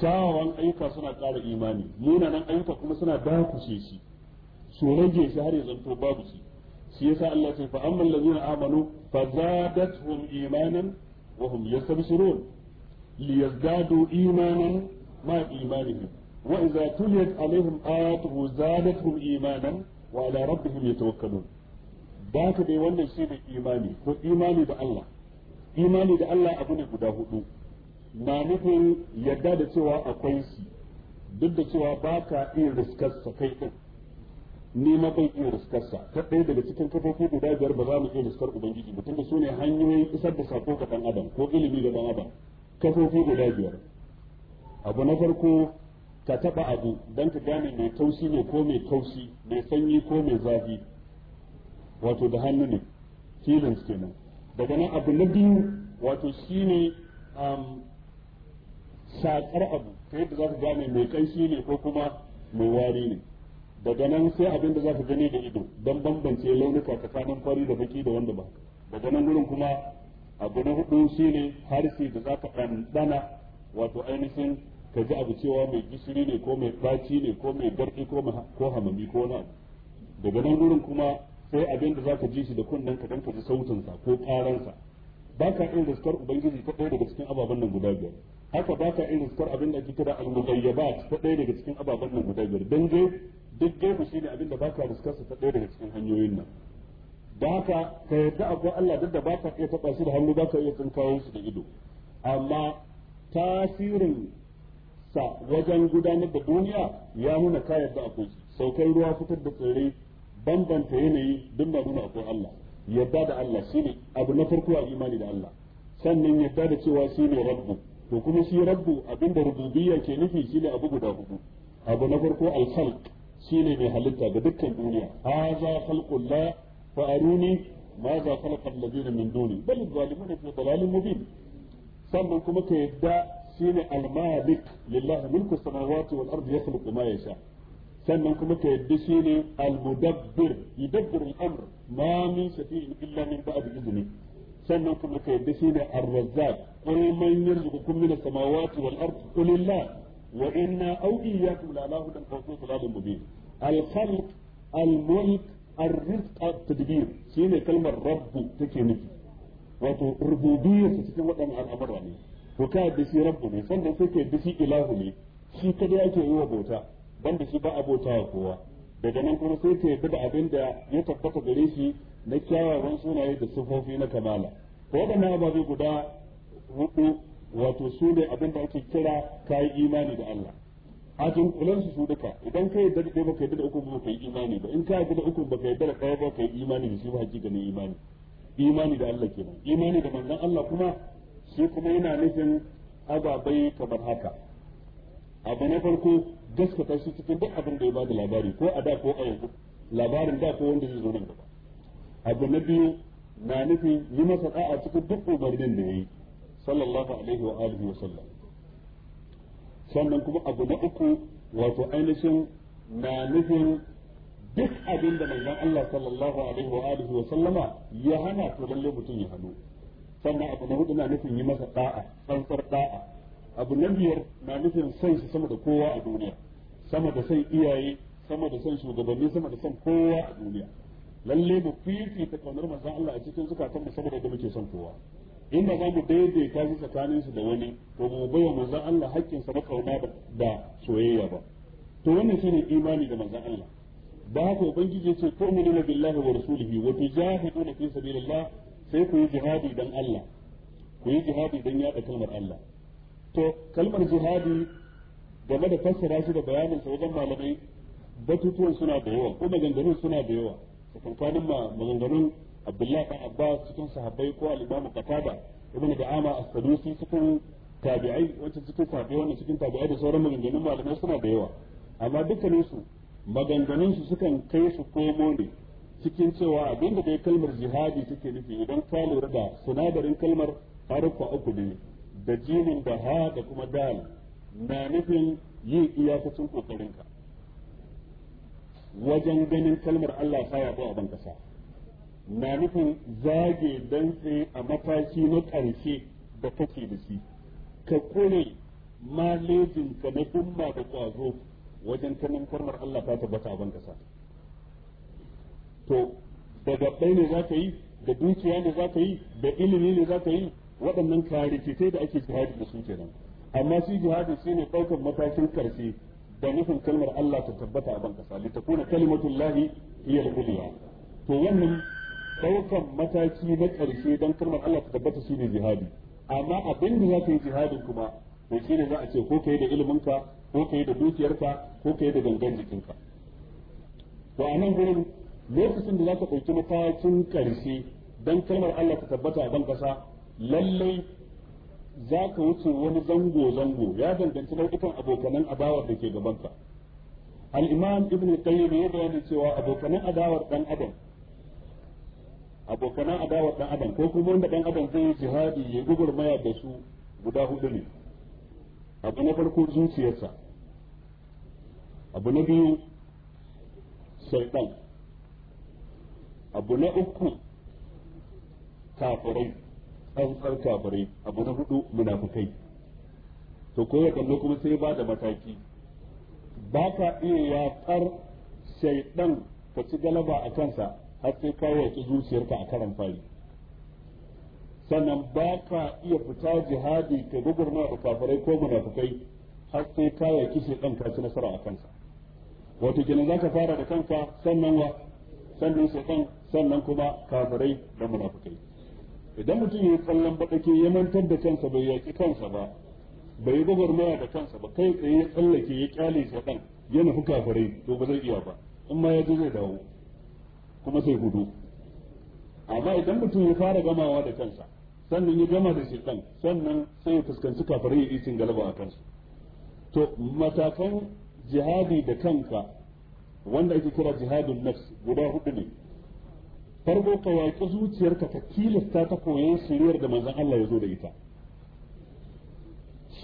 Speaker 1: kyawawan ayyuka suna ƙara imani munanan ayyuka kuma suna dakushe shi su rage shi har ya zanto babu shi shi yasa Allah ce fa amman allazina amanu fa zadatuhum imanan wa hum yastabshirun liyazdadu imanan ma imanihim wa idza tuliyat alaihim ayatuhu zadatuhum imanan wa ala rabbihim yatawakkalun baka dai wannan shi ne imani ko imani da Allah imani da Allah abu ne guda hudu na nufin yadda da cewa akwai shi duk da cewa ba ka iya riskarsa kai ɗin ni ma iya riskarsa ta ɗaya daga cikin kafofi guda biyar ba za mu iya riskar ubangiji mutum da su ne hanyoyin isar da sako ga ɗan adam ko ilimi ga ɗan adam kafofi guda biyar abu na farko ka taɓa abu don ka gane mai taushi ne ko mai kaushi mai sanyi ko mai zafi wato da hannu ne feelings kenan daga nan abu na biyu wato shine um, shakar abu ta da za ka gane mai kaishi ne ko kuma mai wari ne daga nan sai abin da za ka gani da ido don bambance launuka tsakanin fari da baki da wanda ba daga nan wurin kuma abu na hudu shine harshe da za ka ɗanɗana wato ainihin ka ji abu cewa mai gishiri ne ko mai ɗaci ne ko mai garki ko hamami ko na daga nan wurin kuma sai abin da za ka ji shi da kunnen ka don ka ji sautinsa ko karansa ba ka iya riskar ubangiji ta ɗaya daga cikin ababen nan guda biyar haka ba ta irin sukar abin da ake kira al-mughayyabat ta ɗaya daga cikin ababen nan guda biyar dan ga duk gefe shi ne abin da ba ka riskar sa ta ɗaya daga cikin hanyoyin nan da haka ka yarda akwai Allah duk da ba ka iya taɓa shi da hannu ba ka iya tsinkawo shi da ido amma tasirin sa wajen gudanar da duniya ya nuna ka yarda akwai shi ruwa fitar da tsirrai bambanta yanayi duk na nuna akwai Allah yadda da Allah shi ne abu na farko a imani da Allah sannan yadda da cewa shi ne rabbu to kuma shi rabbu abinda rububiyya ke nufi shine abu guda hudu abu na farko al-khalq shine mai halitta ga dukkan duniya hadha khalqullah fa aruni ماذا خلق الذين من دوني بل الظالمون في ضلال مبين sannan kuma ka yadda shine al-malik lillahi mulku samawati wal ardi yakhluqu ma yasha sannan kuma ka yadda shine al-mudabbir yudabbiru al-amr ma min shafi'in illa min ba'di idni sannan kuma ka yadda shine ar-razzaq قل من يرزقكم من السماوات والأرض قل الله وإنا أو إياكم لعلى هدى أو في ضلال مبين الخلق الملك الرزق التدبير شيء كلمة رب تكينك wato rububiyar su cikin waɗannan al'amura ne to ka da shi rabbu ne sannan sai ka da shi ilahu ne shi kada ake yi wa bauta banda shi ba a bauta wa kowa daga nan kuma sai ka yadda da abin da ya tabbata gare shi na kyawawan sunaye da sifofi na kamala to waɗannan ababe guda hudu wato su ne abin da ake kira ka yi imani da Allah a jinkulan su su duka idan ka yarda da ɗaya baka yarda da uku ba ka yi imani ba in ka yarda da uku baka yarda da ɗaya ba ka yi imani da shi ba hakika ne imani imani da Allah kenan imani da manzon Allah kuma shi kuma yana nufin ababai kamar haka abu na farko gaskata shi cikin duk abin da ya bada labari ko a da ko a yanzu labarin da ko wanda zai zo nan gaba abu na biyu na nufin yi masa da'a cikin duk umarnin da ya yi sallallahu alaihi wa alihi wa sallam sannan kuma abu na uku wato ainihin na nufin duk abin da manzon Allah sallallahu alaihi wa alihi wa sallama ya hana to lalle mutum ya hannu sannan abu na hudu na nufin yi masa da'a tsantsar da'a abu na biyar na nufin son shi sama da kowa a duniya sama da son iyaye sama da son shugabanni sama da son kowa a duniya lalle mu fifita kaunar manzon Allah a cikin zukatan mu saboda da muke son kowa inda za mu daidaita shi tsakanin su da wani to mu bayyana manzon Allah haƙƙin sa makauna da soyayya ba to wannan shine imani da manzon Allah da haka ubangiji yace tu'minuna billahi wa rasulihi wa tujahiduna fi sabilillah sai ku yi jihadi dan Allah ku yi jihadi dan yaɗa kalmar Allah to kalmar jihadi game da fassara shi da bayanin sa wajen malamai batutuwan suna da yawa ko maganganun suna da yawa tsakankanin maganganun abdullahi dan Abba cikin sahabbai ko al-imam qatada ibnu da'ama as-sadusi cikin tabi'ai wancan cikin sahabbai wannan cikin tabi'ai da sauran maganganun malamai suna da yawa amma dukkanin su maganganun su sukan kai su komo ne cikin cewa abin da dai kalmar jihadi take nufi idan ka lura da sinadarin kalmar harfa uku ne da jinin da ha da kuma dal na nufin yin iyakacin kokarinka wajen ganin kalmar Allah ta yaɗu a ban kasa na nufin zage dantse a mataki na ƙarshe da kake da shi ka kone malejin ka na himma da ƙwazo wajen kanin karmar Allah ta tabbata ban sa to da gabbai ne za ka yi da dukiya ne za ka yi da ilimi ne za ka yi waɗannan sai da ake jihadi da su kenan amma shi jihadi shi ne ɗaukar matakin ƙarshe da nufin kalmar Allah ta tabbata a ban kasa litakuna kalimatullahi hiya al-ulya to wannan daukan mataki na ƙarshe don kalmar Allah ta tabbata shine jihadi amma abin da ya kai jihadin kuma to shine za a ce ko kai da ko ka ko kai da dukiyarka ko kai da gangan jikinka to a nan gurin lokacin da za ka ɗauki matakin ƙarshe don kalmar Allah ta tabbata a ban kasa lallai za ka wuce wani zango-zango ya danganci nau'ikan abokanan adawar da ke gabanka al-imam ibn qayyim ya bayyana cewa abokanan adawar dan adam a bawa dan adam ko kuma wanda dan adam zai yi jihadi ya gugurmaya da su guda hudu ne abu na farko zuciyarsa abu na biyu shaitan abu na uku kafirai tsantsar kafirai abu na hudu munafukai to ko ya kallo kuma sai ba da mataki ba ka iya yaƙar shaitan ka ci galaba a kansa har sai ka yaki zuciyarka a karan fari sannan ba ka iya fita jihadi ka gugurma ma kafirai ko munafukai har sai ka yaki shi ɗan ci nasara a kansa wato kenan za ka fara da kanka sannan wa sannan ɗan sannan kuma kafirai da munafukai idan mutum ya yi kallon baɗake ya mantar da kansa bai yaki kansa ba bai yi gwagwarmaya da kansa ba kai tsaye ya tsallake ya kyale ɗan ya nufi kafirai to ba zai iya ba in ma ya je zai dawo kuma sai hudu amma idan mutum ya fara gamawa da kansa sannan ya gama da shekan sannan sai ya fuskanci kafar ya cin galaba a kansu to matakan jihadi da kanka wanda ake kira jihadin nafs guda hudu ne farko ka yaƙi zuciyarka ka tilasta ta koyan shiriyar da manzon Allah ya zo da ita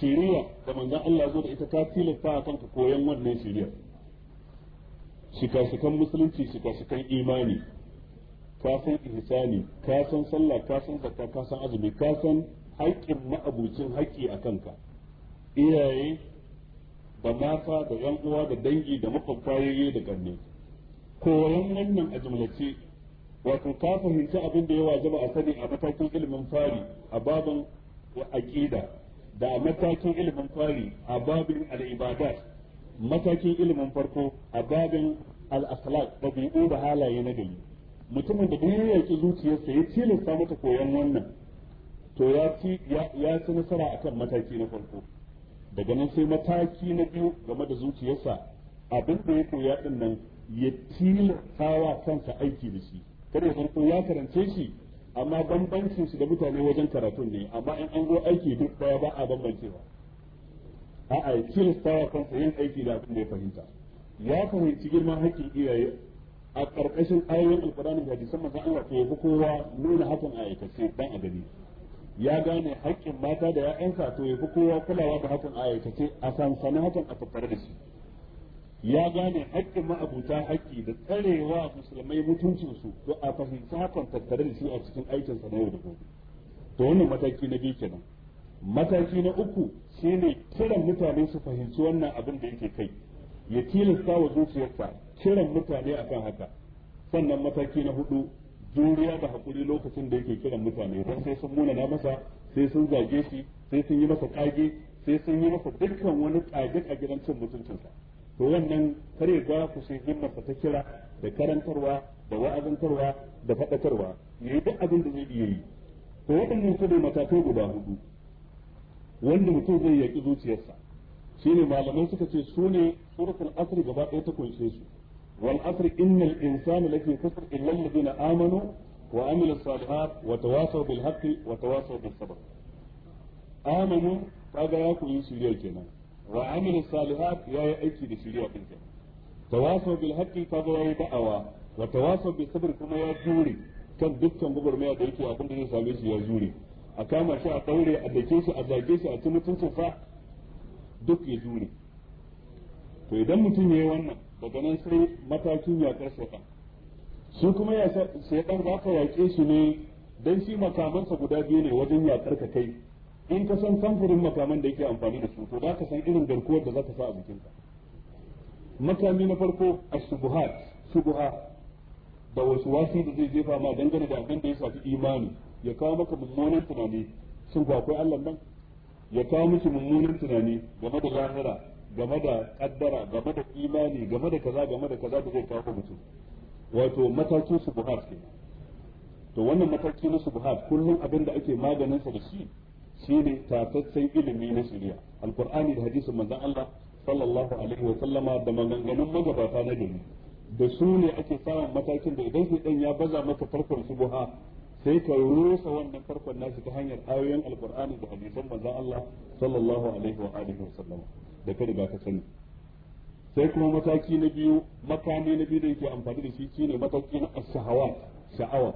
Speaker 1: shiriya da manzon Allah ya zo da ita ka tilasta a kanka koyan wannan shiriyar shika-shikan musulunci shika-shikan imani ka san ihsani ka san sallah ka san zakka ka san azumi ka san haƙƙin ma'abucin haƙƙi a kanka iyaye da mata da yan uwa da dangi da makwabtayoyi da ganne koyon wannan a jumlace wato ka fahimci abin da yawa zama a sani a matakin ilimin fari a babin aqida da a matakin ilimin fari a babin al-ibadat matakin ilimin farko a babin al-akhlaq dabi'u da halaye na gari mutumin da duk yake zuciyarsa ya tilasta mata koyon wannan to ya ci ya ci nasara akan mataki na farko daga nan sai mataki na biyu game da zuciyarsa abin da ya koya din nan ya tilasta wa kansa aiki da shi kada ya farko ya karance shi amma bambancin shi da mutane wajen karatun ne amma in an zo aiki duk baya ba a bambancewa a a wa kansa yin aiki da abin da ya fahimta ya fahimci girman haƙƙin iyaye a ƙarƙashin ayoyin alƙur'ani da hadisan manzon Allah ke yafi kowa nuna hakan a aikace dan a gani ya gane haƙƙin mata da ƴaƴansa to fi kowa kulawa da hakan a aikace a sansanin hakan a tattare da shi ya gane haƙƙin ma'abuta hakki da tsarewa musulmai mutuncinsu to a fahimci hakan tattare da shi a cikin aikinsa na yau da gobe to wannan mataki na biyu kenan mataki na uku ne kiran mutane su fahimci wannan abin da yake kai ya tilasta wa zuciyarsa kiran mutane a kan haka sannan mataki na hudu juriya da haƙuri lokacin da yake kiran mutane don sai sun na masa sai sun zage shi sai sun yi masa kage sai sun yi masa dukkan wani kage a gidan cin mutuncinsa to wannan kar ya ga ku sai himmarsa ta kira da karantarwa da wa'azantarwa da faɗakarwa yi duk abin da zai iya yi to waɗannan su ne matakai guda hudu wanda mutum zai yaki zuciyarsa shine malamai suka ce su ne suratul asr gaba ɗaya ta kunshe su wal asr innal insana lafi khusr illa alladhina amanu wa amilus salihat wa tawasaw bil haqqi wa tawasaw bis sabr amanu kaga ya koyi shirya kenan wa amilus salihat ya yi aiki da shirya din kenan tawasaw bil haqqi kaga ya yi da'awa wa tawasaw bis sabr kuma ya jure kan dukkan gugurmaya da yake abin da zai same shi ya jure a kama shi a ɗaure a dake shi a zage shi a ci mutuncin fa duk ya jure to idan mutum ya yi wannan daga nan sai matakin yaƙar shaitan shi kuma ya shaitan za ka yaƙe shi ne dan shi makamansa guda biyu ne wajen yaƙar ka kai in ka san samfurin makaman da yake amfani da su to za ka san irin garkuwar da za ka sa a jikinka makami na farko a shubuha da wasu wasi da zai jefa ma dangane da abin da ya shafi imani ya kawo maka mummunan tunani shin akwai Allah nan ya kawo miki mummunan tunani game da lahira game da kaddara game da imani game da kaza game da kaza da zai kawo mutum wato matakin subuhat ke to wannan mataki na subuhat kullum abin da ake maganin sa da shi shine tataccen ilimi na shari'a alqur'ani da hadisin manzon Allah sallallahu alaihi wa sallama da maganganun magabata na gari da su ne ake samun matakin da idan shi dan ya baza maka farkon subuha sai ka rusa wannan farkon nashi ta hanyar ayoyin alqur'ani da hadisan manzon Allah sallallahu alaihi wa alihi wasallam da ka riga ka sani sai kuma mataki na biyu makami na biyu da yake amfani da shi shine mataki na ash-shahawat sha'awa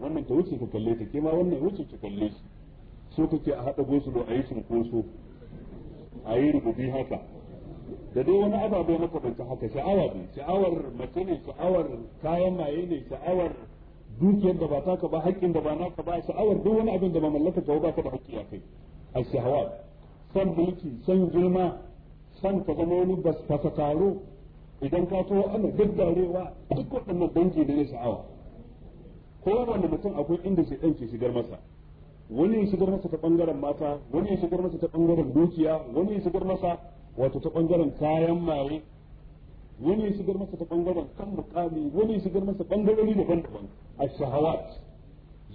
Speaker 1: wannan ta wuce ka kalle ta kima wannan wuce ka kalle shi so kake a hada gosulo a yi cinkoso a yi rububi haka da dai wani ababai makamancin haka sha'awa ne sha'awar mace ne sha'awar kayan maye ne sha'awar dukiyar da ba ka ba haƙƙin da ba naka ba sha'awar duk wani abin da ba mallaka ka ba ka da haƙƙi a kai a shahawar san mulki san girma san ka zama wani fasa taro idan ka to ana daddarewa duk waɗannan dangi da na sha'awa ko wanda mutum akwai inda shi ɗan ke shigar masa wani ya shigar masa ta ɓangaren mata wani ya shigar masa ta ɓangaren dukiya wani ya shigar masa wato ta ɓangaren kayan maye wani ya shigar masa ta bangaren kan mukami wani ya shigar masa bangarori daban-daban a shahawat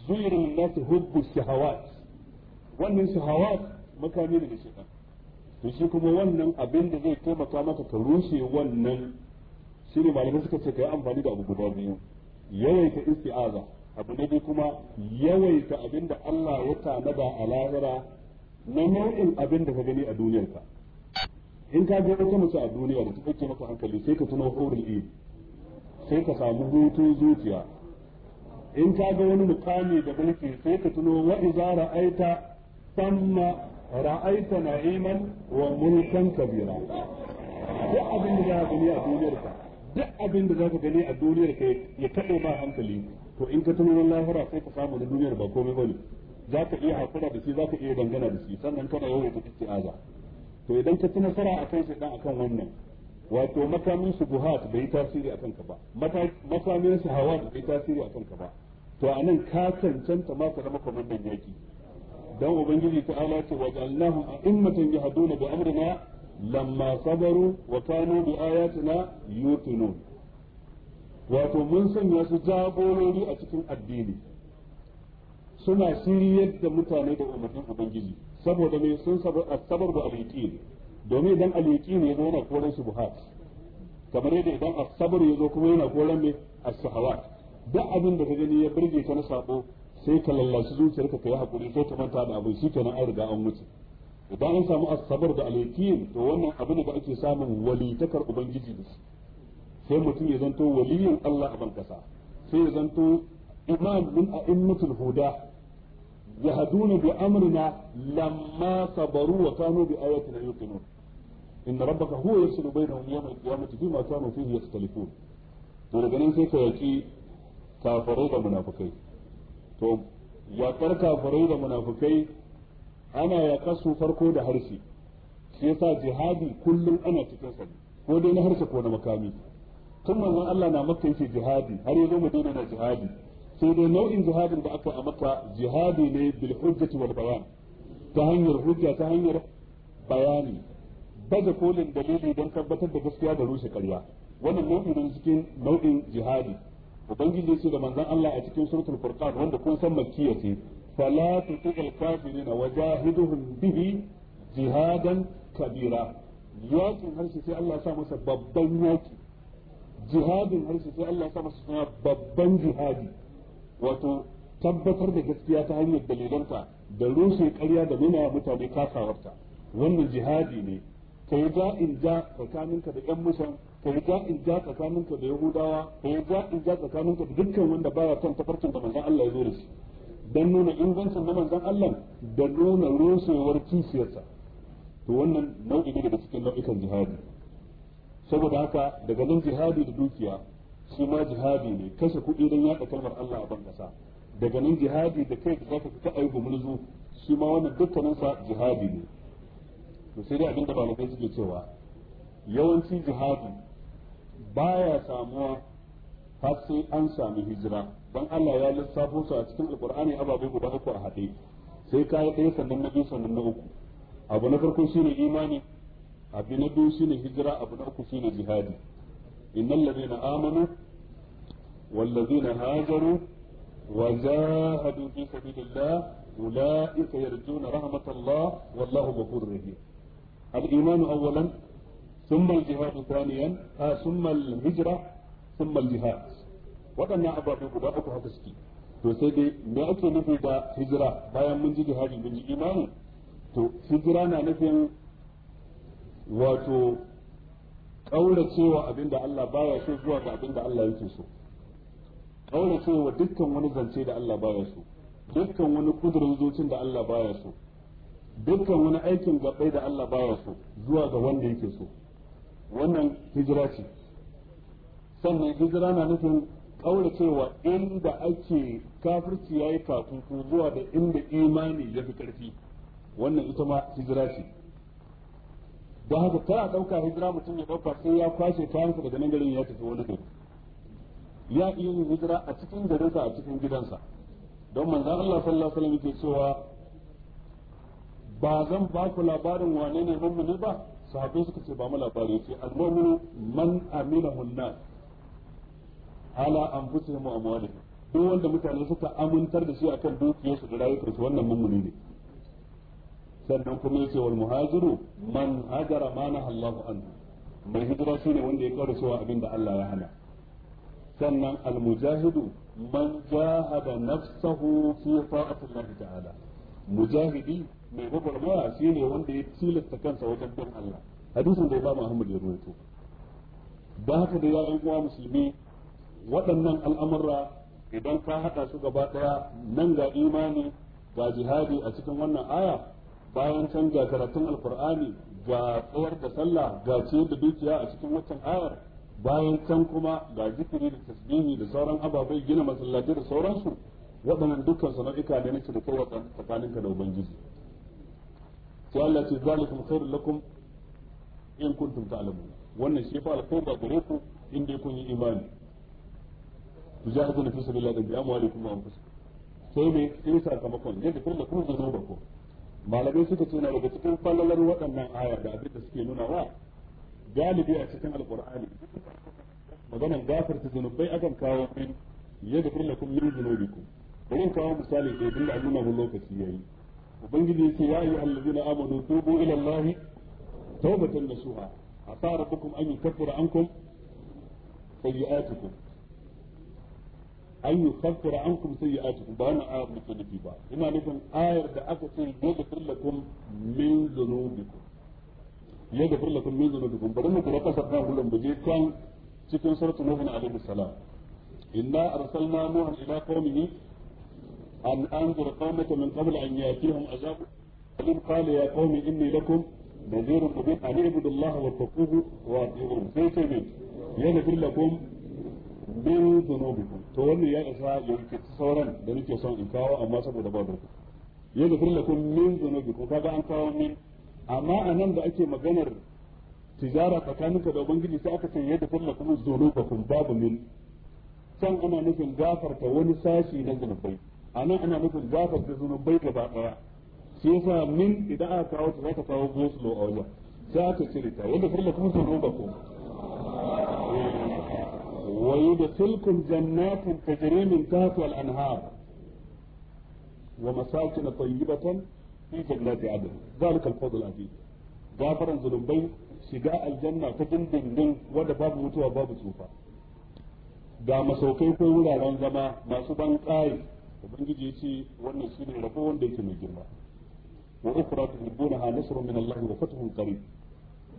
Speaker 1: zuyru lin-nasi hubbu shahawat wannan shahawat makami ne da shaitan to shi kuma wannan abin da zai taimaka maka ka rushe wannan shi ne malamai suka ce ka yi amfani da abu guda biyu yawaita isti'aza abu na biyu kuma yawaita abin da Allah ya tanada a lahira na nau'in abin da ka gani a duniyarka in ka ga wata mace a duniya da ta ɗauke maka hankali sai ka tuno hurul ilm sai ka samu hutun zuciya in ka ga wani mukami da mulki sai ka tuno wa idza ra'aita tamma ra'aita na'iman wa mulkan kabira duk abin da za ka gani a duniyar ka duk abin da za ka gani a duniyar ka ya kaɗe ma hankali to in ka tuno wani lahira sai ka samu da duniyar ba komai bane za ka iya hakura da shi za ka iya dangana da shi sannan kana yawan ta aza. to idan ka ci nasara a kansa dan akan wannan wato makamin su buhat bai tasiri akan ka ba makamin su hawa bai tasiri akan ka ba to anan ka cancanta ma ka zama kwamandan yaki dan ubangiji ta ala ce wa mutum ya yahduna da amrina lamma sabaru wa kanu bi ayatina wato mun sanya su jagorori a cikin addini suna shiryar da mutane da umarnin ubangiji saboda me sun sabar da al ne domin idan al ne ya zo yana koran shubuhat kamar yadda idan asabar ya zo kuma yana koran mai as-sahawat duk abin da ka gani ya burge ka na sabo sai ka lallashi zuciyarka ka yi hakuri sai ka manta da abin shikenan an riga an mutu idan an samu asabar da alhakin to wannan abin da ake samun walitakar ubangiji da shi sai mutum ya zanto waliyin Allah a bankasa sai ya zanto imam min a'immatul huda yahduna bi amrina lamma sabaru wa kanu bi ayatina yuqinun inna rabbaka huwa yafsilu bainahum yawm al-qiyamati bima kanu fihi yakhtalifun to daga nan sai ka yaki kafirai da munafikai to yakar kafirai da munafukai ana yakar su farko da harshe shi yasa jihadi kullum ana cikin ko dai na harshe ko na makami tun manzon Allah na makka yake jihadi har ya zo Madina na jihadi sai dai nau'in jihadin da aka a maka jihadi ne bil hujjati wal bayan ta hanyar hujja ta hanyar bayani baje kolin dalili don tabbatar da gaskiya da rushe karya wannan nau'i ne cikin nau'in jihadi ubangiji ce da manzon Allah a cikin suratul furqan wanda kun san makkiya ce fala tuqil kafirina wajahiduhum bihi jihadan kabira yakin harshe sai Allah sa masa babban yaki jihadin harshe sai Allah sa masa babban jihadi wato tabbatar da gaskiya ta hanyar dalilanta da rushe ƙarya da nuna wa mutane kasawarta wannan jihadi ne ka yi in ja tsakaninka da yan musan ka yi in ja tsakaninka da yahudawa ka yi in ja tsakaninka da dukkan wanda baya kan tafarkin da manzon Allah ya zo da shi dan nuna ingancin na manzon Allah da nuna rushewar kisiyarsa to wannan nau'i ne daga cikin nau'ikan jihadi saboda haka daga nan jihadi da dukiya shi ma jihadi ne kashe kuɗi don yaɗa kalmar Allah a bangasa daga nan jihadi da kai da zaka fita ayi gumulzu shi ma wannan dukkanin sa jihadi ne to sai dai abinda malamai suke cewa yawanci jihadi baya samuwa har sai an sami hijira dan Allah ya lissafo su a cikin alqur'ani ababai guda uku a haɗe sai yi ɗaya sannan na biyu sannan na uku abu na farko shine imani abu na biyu shine hijira abu na uku shine jihadi innal ladina amanu والذين هاجروا
Speaker 2: وجاهدوا
Speaker 1: في سبيل الله أولئك يرجون رحمة الله والله غفور رحيم الإيمان أولا ثم الجهاد ثانيا ثم الهجرة ثم الجهاد waɗannan ababe guda uku haka suke to sai dai me ake nufi da hijira bayan mun ji jihadi mun ji imani to hijira na nufin wato kaurace wa abin Allah baya so zuwa ga abin da Allah yake so kaurace wa dukkan wani zance da Allah baya so dukkan wani kudurin zucin da Allah baya so dukkan wani aikin gabai da Allah baya so zuwa ga wanda yake so wannan hijira ce sannan hijira na nufin cewa inda ake kafirci yayi kafuku zuwa da inda imani ya fi karfi wannan ita ma hijira ce don haka tana ɗauka hijira mutum ya ɗauka sai ya kwashe kayansa daga nan garin ya tafi wani gari ya iya yin hijira a cikin garinsa a cikin gidansa don manzan Allah sallallahu alaihi wasallam yake cewa ba zan ba ku labarin wane ne mummuni ba sahabbai suka ce ba mu labari ce al-mu'minu man amina hunna ala anfusihim wa amwalihim duk wanda mutane suka amintar da shi akan dukiyarsu da rayukansu wannan mummuni ne sannan kuma yace wal muhajiru man hajara ma nahallahu anhu mai hijira shine wanda ya kaura cewa abinda Allah ya hana sannan almujahidu man jahada nafsahu fi ta'atillah ta'ala mujahidi mai gwagwarmaya shine wanda ya tilasta kansa wajen bin Allah hadisin da Imam Ahmad ya rawaito da haka da yayin uwa musulmi waɗannan al'amura idan ka hada su gaba daya nan ga imani ga jihadi a cikin wannan aya bayan can ga karatun alkur'ani ga tsayar da sallah ga ciyar da dukiya a cikin waccan ayar bayan can kuma ga zikiri da tasbihi da sauran ababai gina masallaci da sauransu waɗannan dukkan sana'ika ne nake da kowa ka da ubangiji sai Allah ce zalikum khairul lakum in kuntum ta'lamun wannan shi fa alkhairu gare ku in dai kun yi imani tujahiduna fi sabilillahi bi amwalikum wa anfusikum sai ne sai sakamakon yadda kullu kun zunuba ko malamai suka ce na daga cikin fallalar waɗannan ayar da abin da suke nuna wa galibi a cikin alqur'ani maganan gafarta zunubai akan kawo min ya yaghfir lakum min dhunubikum bari kawo misali da dinda a nuna mun lokaci yayi ubangiji yace ya ayyuhal ladina amanu tubu ila allahi tawbatan a fara rabbukum an yi yukaffira ankum sayyi'atukum an yi yukaffira ankum sayyi'atukum ba na ayar da nufi ba ina nufin ayar da aka ce yaghfir lakum ya gafir lakum cikin suratu nuh alaihi salam inna arsalna nuh ila qaumihi ya qaumi نذير مبين أن اعبدوا الله واتقوه وأطيعون سيتي من يغفر لكم من ذنوبكم يا إسراء يمكن تصورا يصنع أما يغفر لكم من ذنوبكم فقد من amma a nan da ake maganar tijara tsakaninka da ubangiji sai aka sanya da sallah kuma zunubakum babu min san ana nufin gafarta wani sashi na zunubai a nan ana nufin gafarta zunubai gaba daya shi yasa min idan aka kawo ta zaka kawo goslo a wajen za ka cire ta wanda farla kuma zunubakum wa yudkhilkum jannatin tajri min tahtiha al-anhar wa masakin tayyibatan fi jannati zalika al-fawzul azim gafaran zulumbai shiga aljanna ta dindindin wanda babu mutuwa babu tsufa ga masaukai ko wuraren zama masu ban kai ubangiji yace wannan shine rabo wanda yake mai girma wa ukhra tuhibbunaha nasrun min Allah wa fathun qarib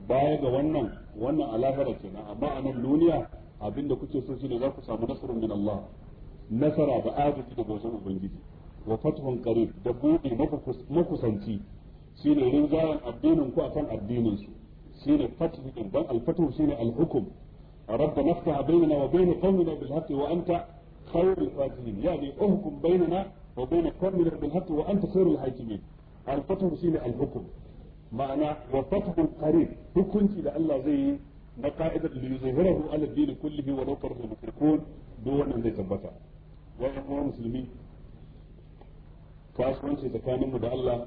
Speaker 1: baya ga wannan wannan alahara kenan amma a nan duniya abinda kuke so shine za ku samu nasrun min Allah nasara da agaji da gozon ubangiji wa fathun qarib da buɗe makusanci shine rinjayen addinin ku akan addinin su shine fathu din dan al-fathu shine al da رب نفتح بيننا وبين قومنا بالحق وانت خير الفاتحين يعني احكم بيننا وبين قومنا بالحق وانت خير الحاكمين الفتح شيء الحكم معنى وفتح قريب حكمت الى الله زي na ka'idar da yuzhiruhu ala dini kullihi wa law kariha al-mushrikun duk zai tabbata wa musulmi kasuwanci tsakaninmu da Allah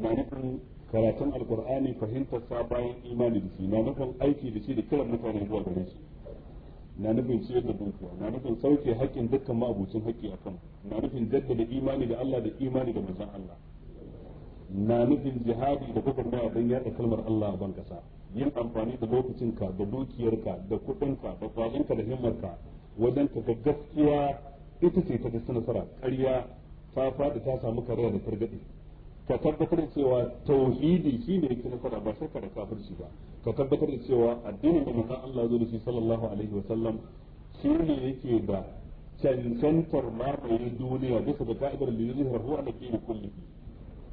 Speaker 1: na nufin karatun alkur'ani fahimtar sa bayan imani da shi na nufin aiki da shi da kiran mutane zuwa gare shi na nufin ciyar da dukiya na nufin sauke haƙƙin dukkan ma'abucin haƙƙi a kan na nufin jaddada imani da Allah da imani da manzon Allah na nufin jihadi da kuka maya don yaɗa kalmar Allah a ban kasa yin amfani da lokacinka da dukiyarka da kuɗinka da kwazonka da himmarka wajen ka ga gaskiya ita ce ta da nasara ƙarya ta faɗi ta samu karewa da targaɗe ka tabbatar da cewa tauhidi shi ne yake fara ba shirka da kafirci ba ka tabbatar da cewa addinin da manzon Allah zo da shi sallallahu alaihi wa sallam shi ne yake da cancantar mamaye duniya bisa ga ka'idar lillahi wa ala dini kullihi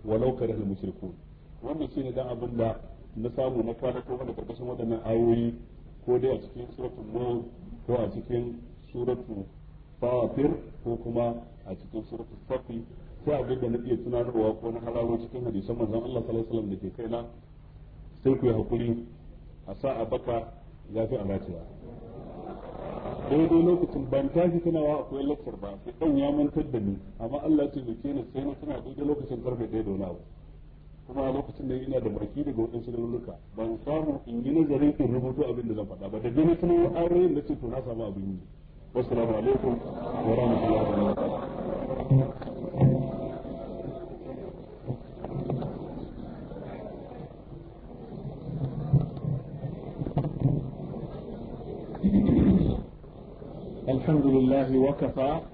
Speaker 1: walau karih al-mushrikun wannan ne dan abin da na samu na kwana ko wanda karkashin waɗannan ayoyi ko dai a cikin suratul nur ko a cikin suratul fatir ko kuma a cikin suratul safi sai abin da na iya tunarwa ko na halalo cikin hadisan manzon Allah sallallahu alaihi wasallam da ke kaina sai ku yi hakuri a sa a baka yafi a lafiya daidai lokacin ban tashi tunawa akwai lakcar ba sai dan ya mantar da ni amma Allah ya taimake ni sai na tana daidai lokacin karfe ɗaya da wani abu kuma lokacin da ina da baki daga waɗansu lalurka ban samu in yi nazarin in rubutu abin da zan faɗa ba da gani tunawa ayoyin da ce to na samu abin yi والسلام عليكم ورحمة الله وبركاته الحمد لله وكفى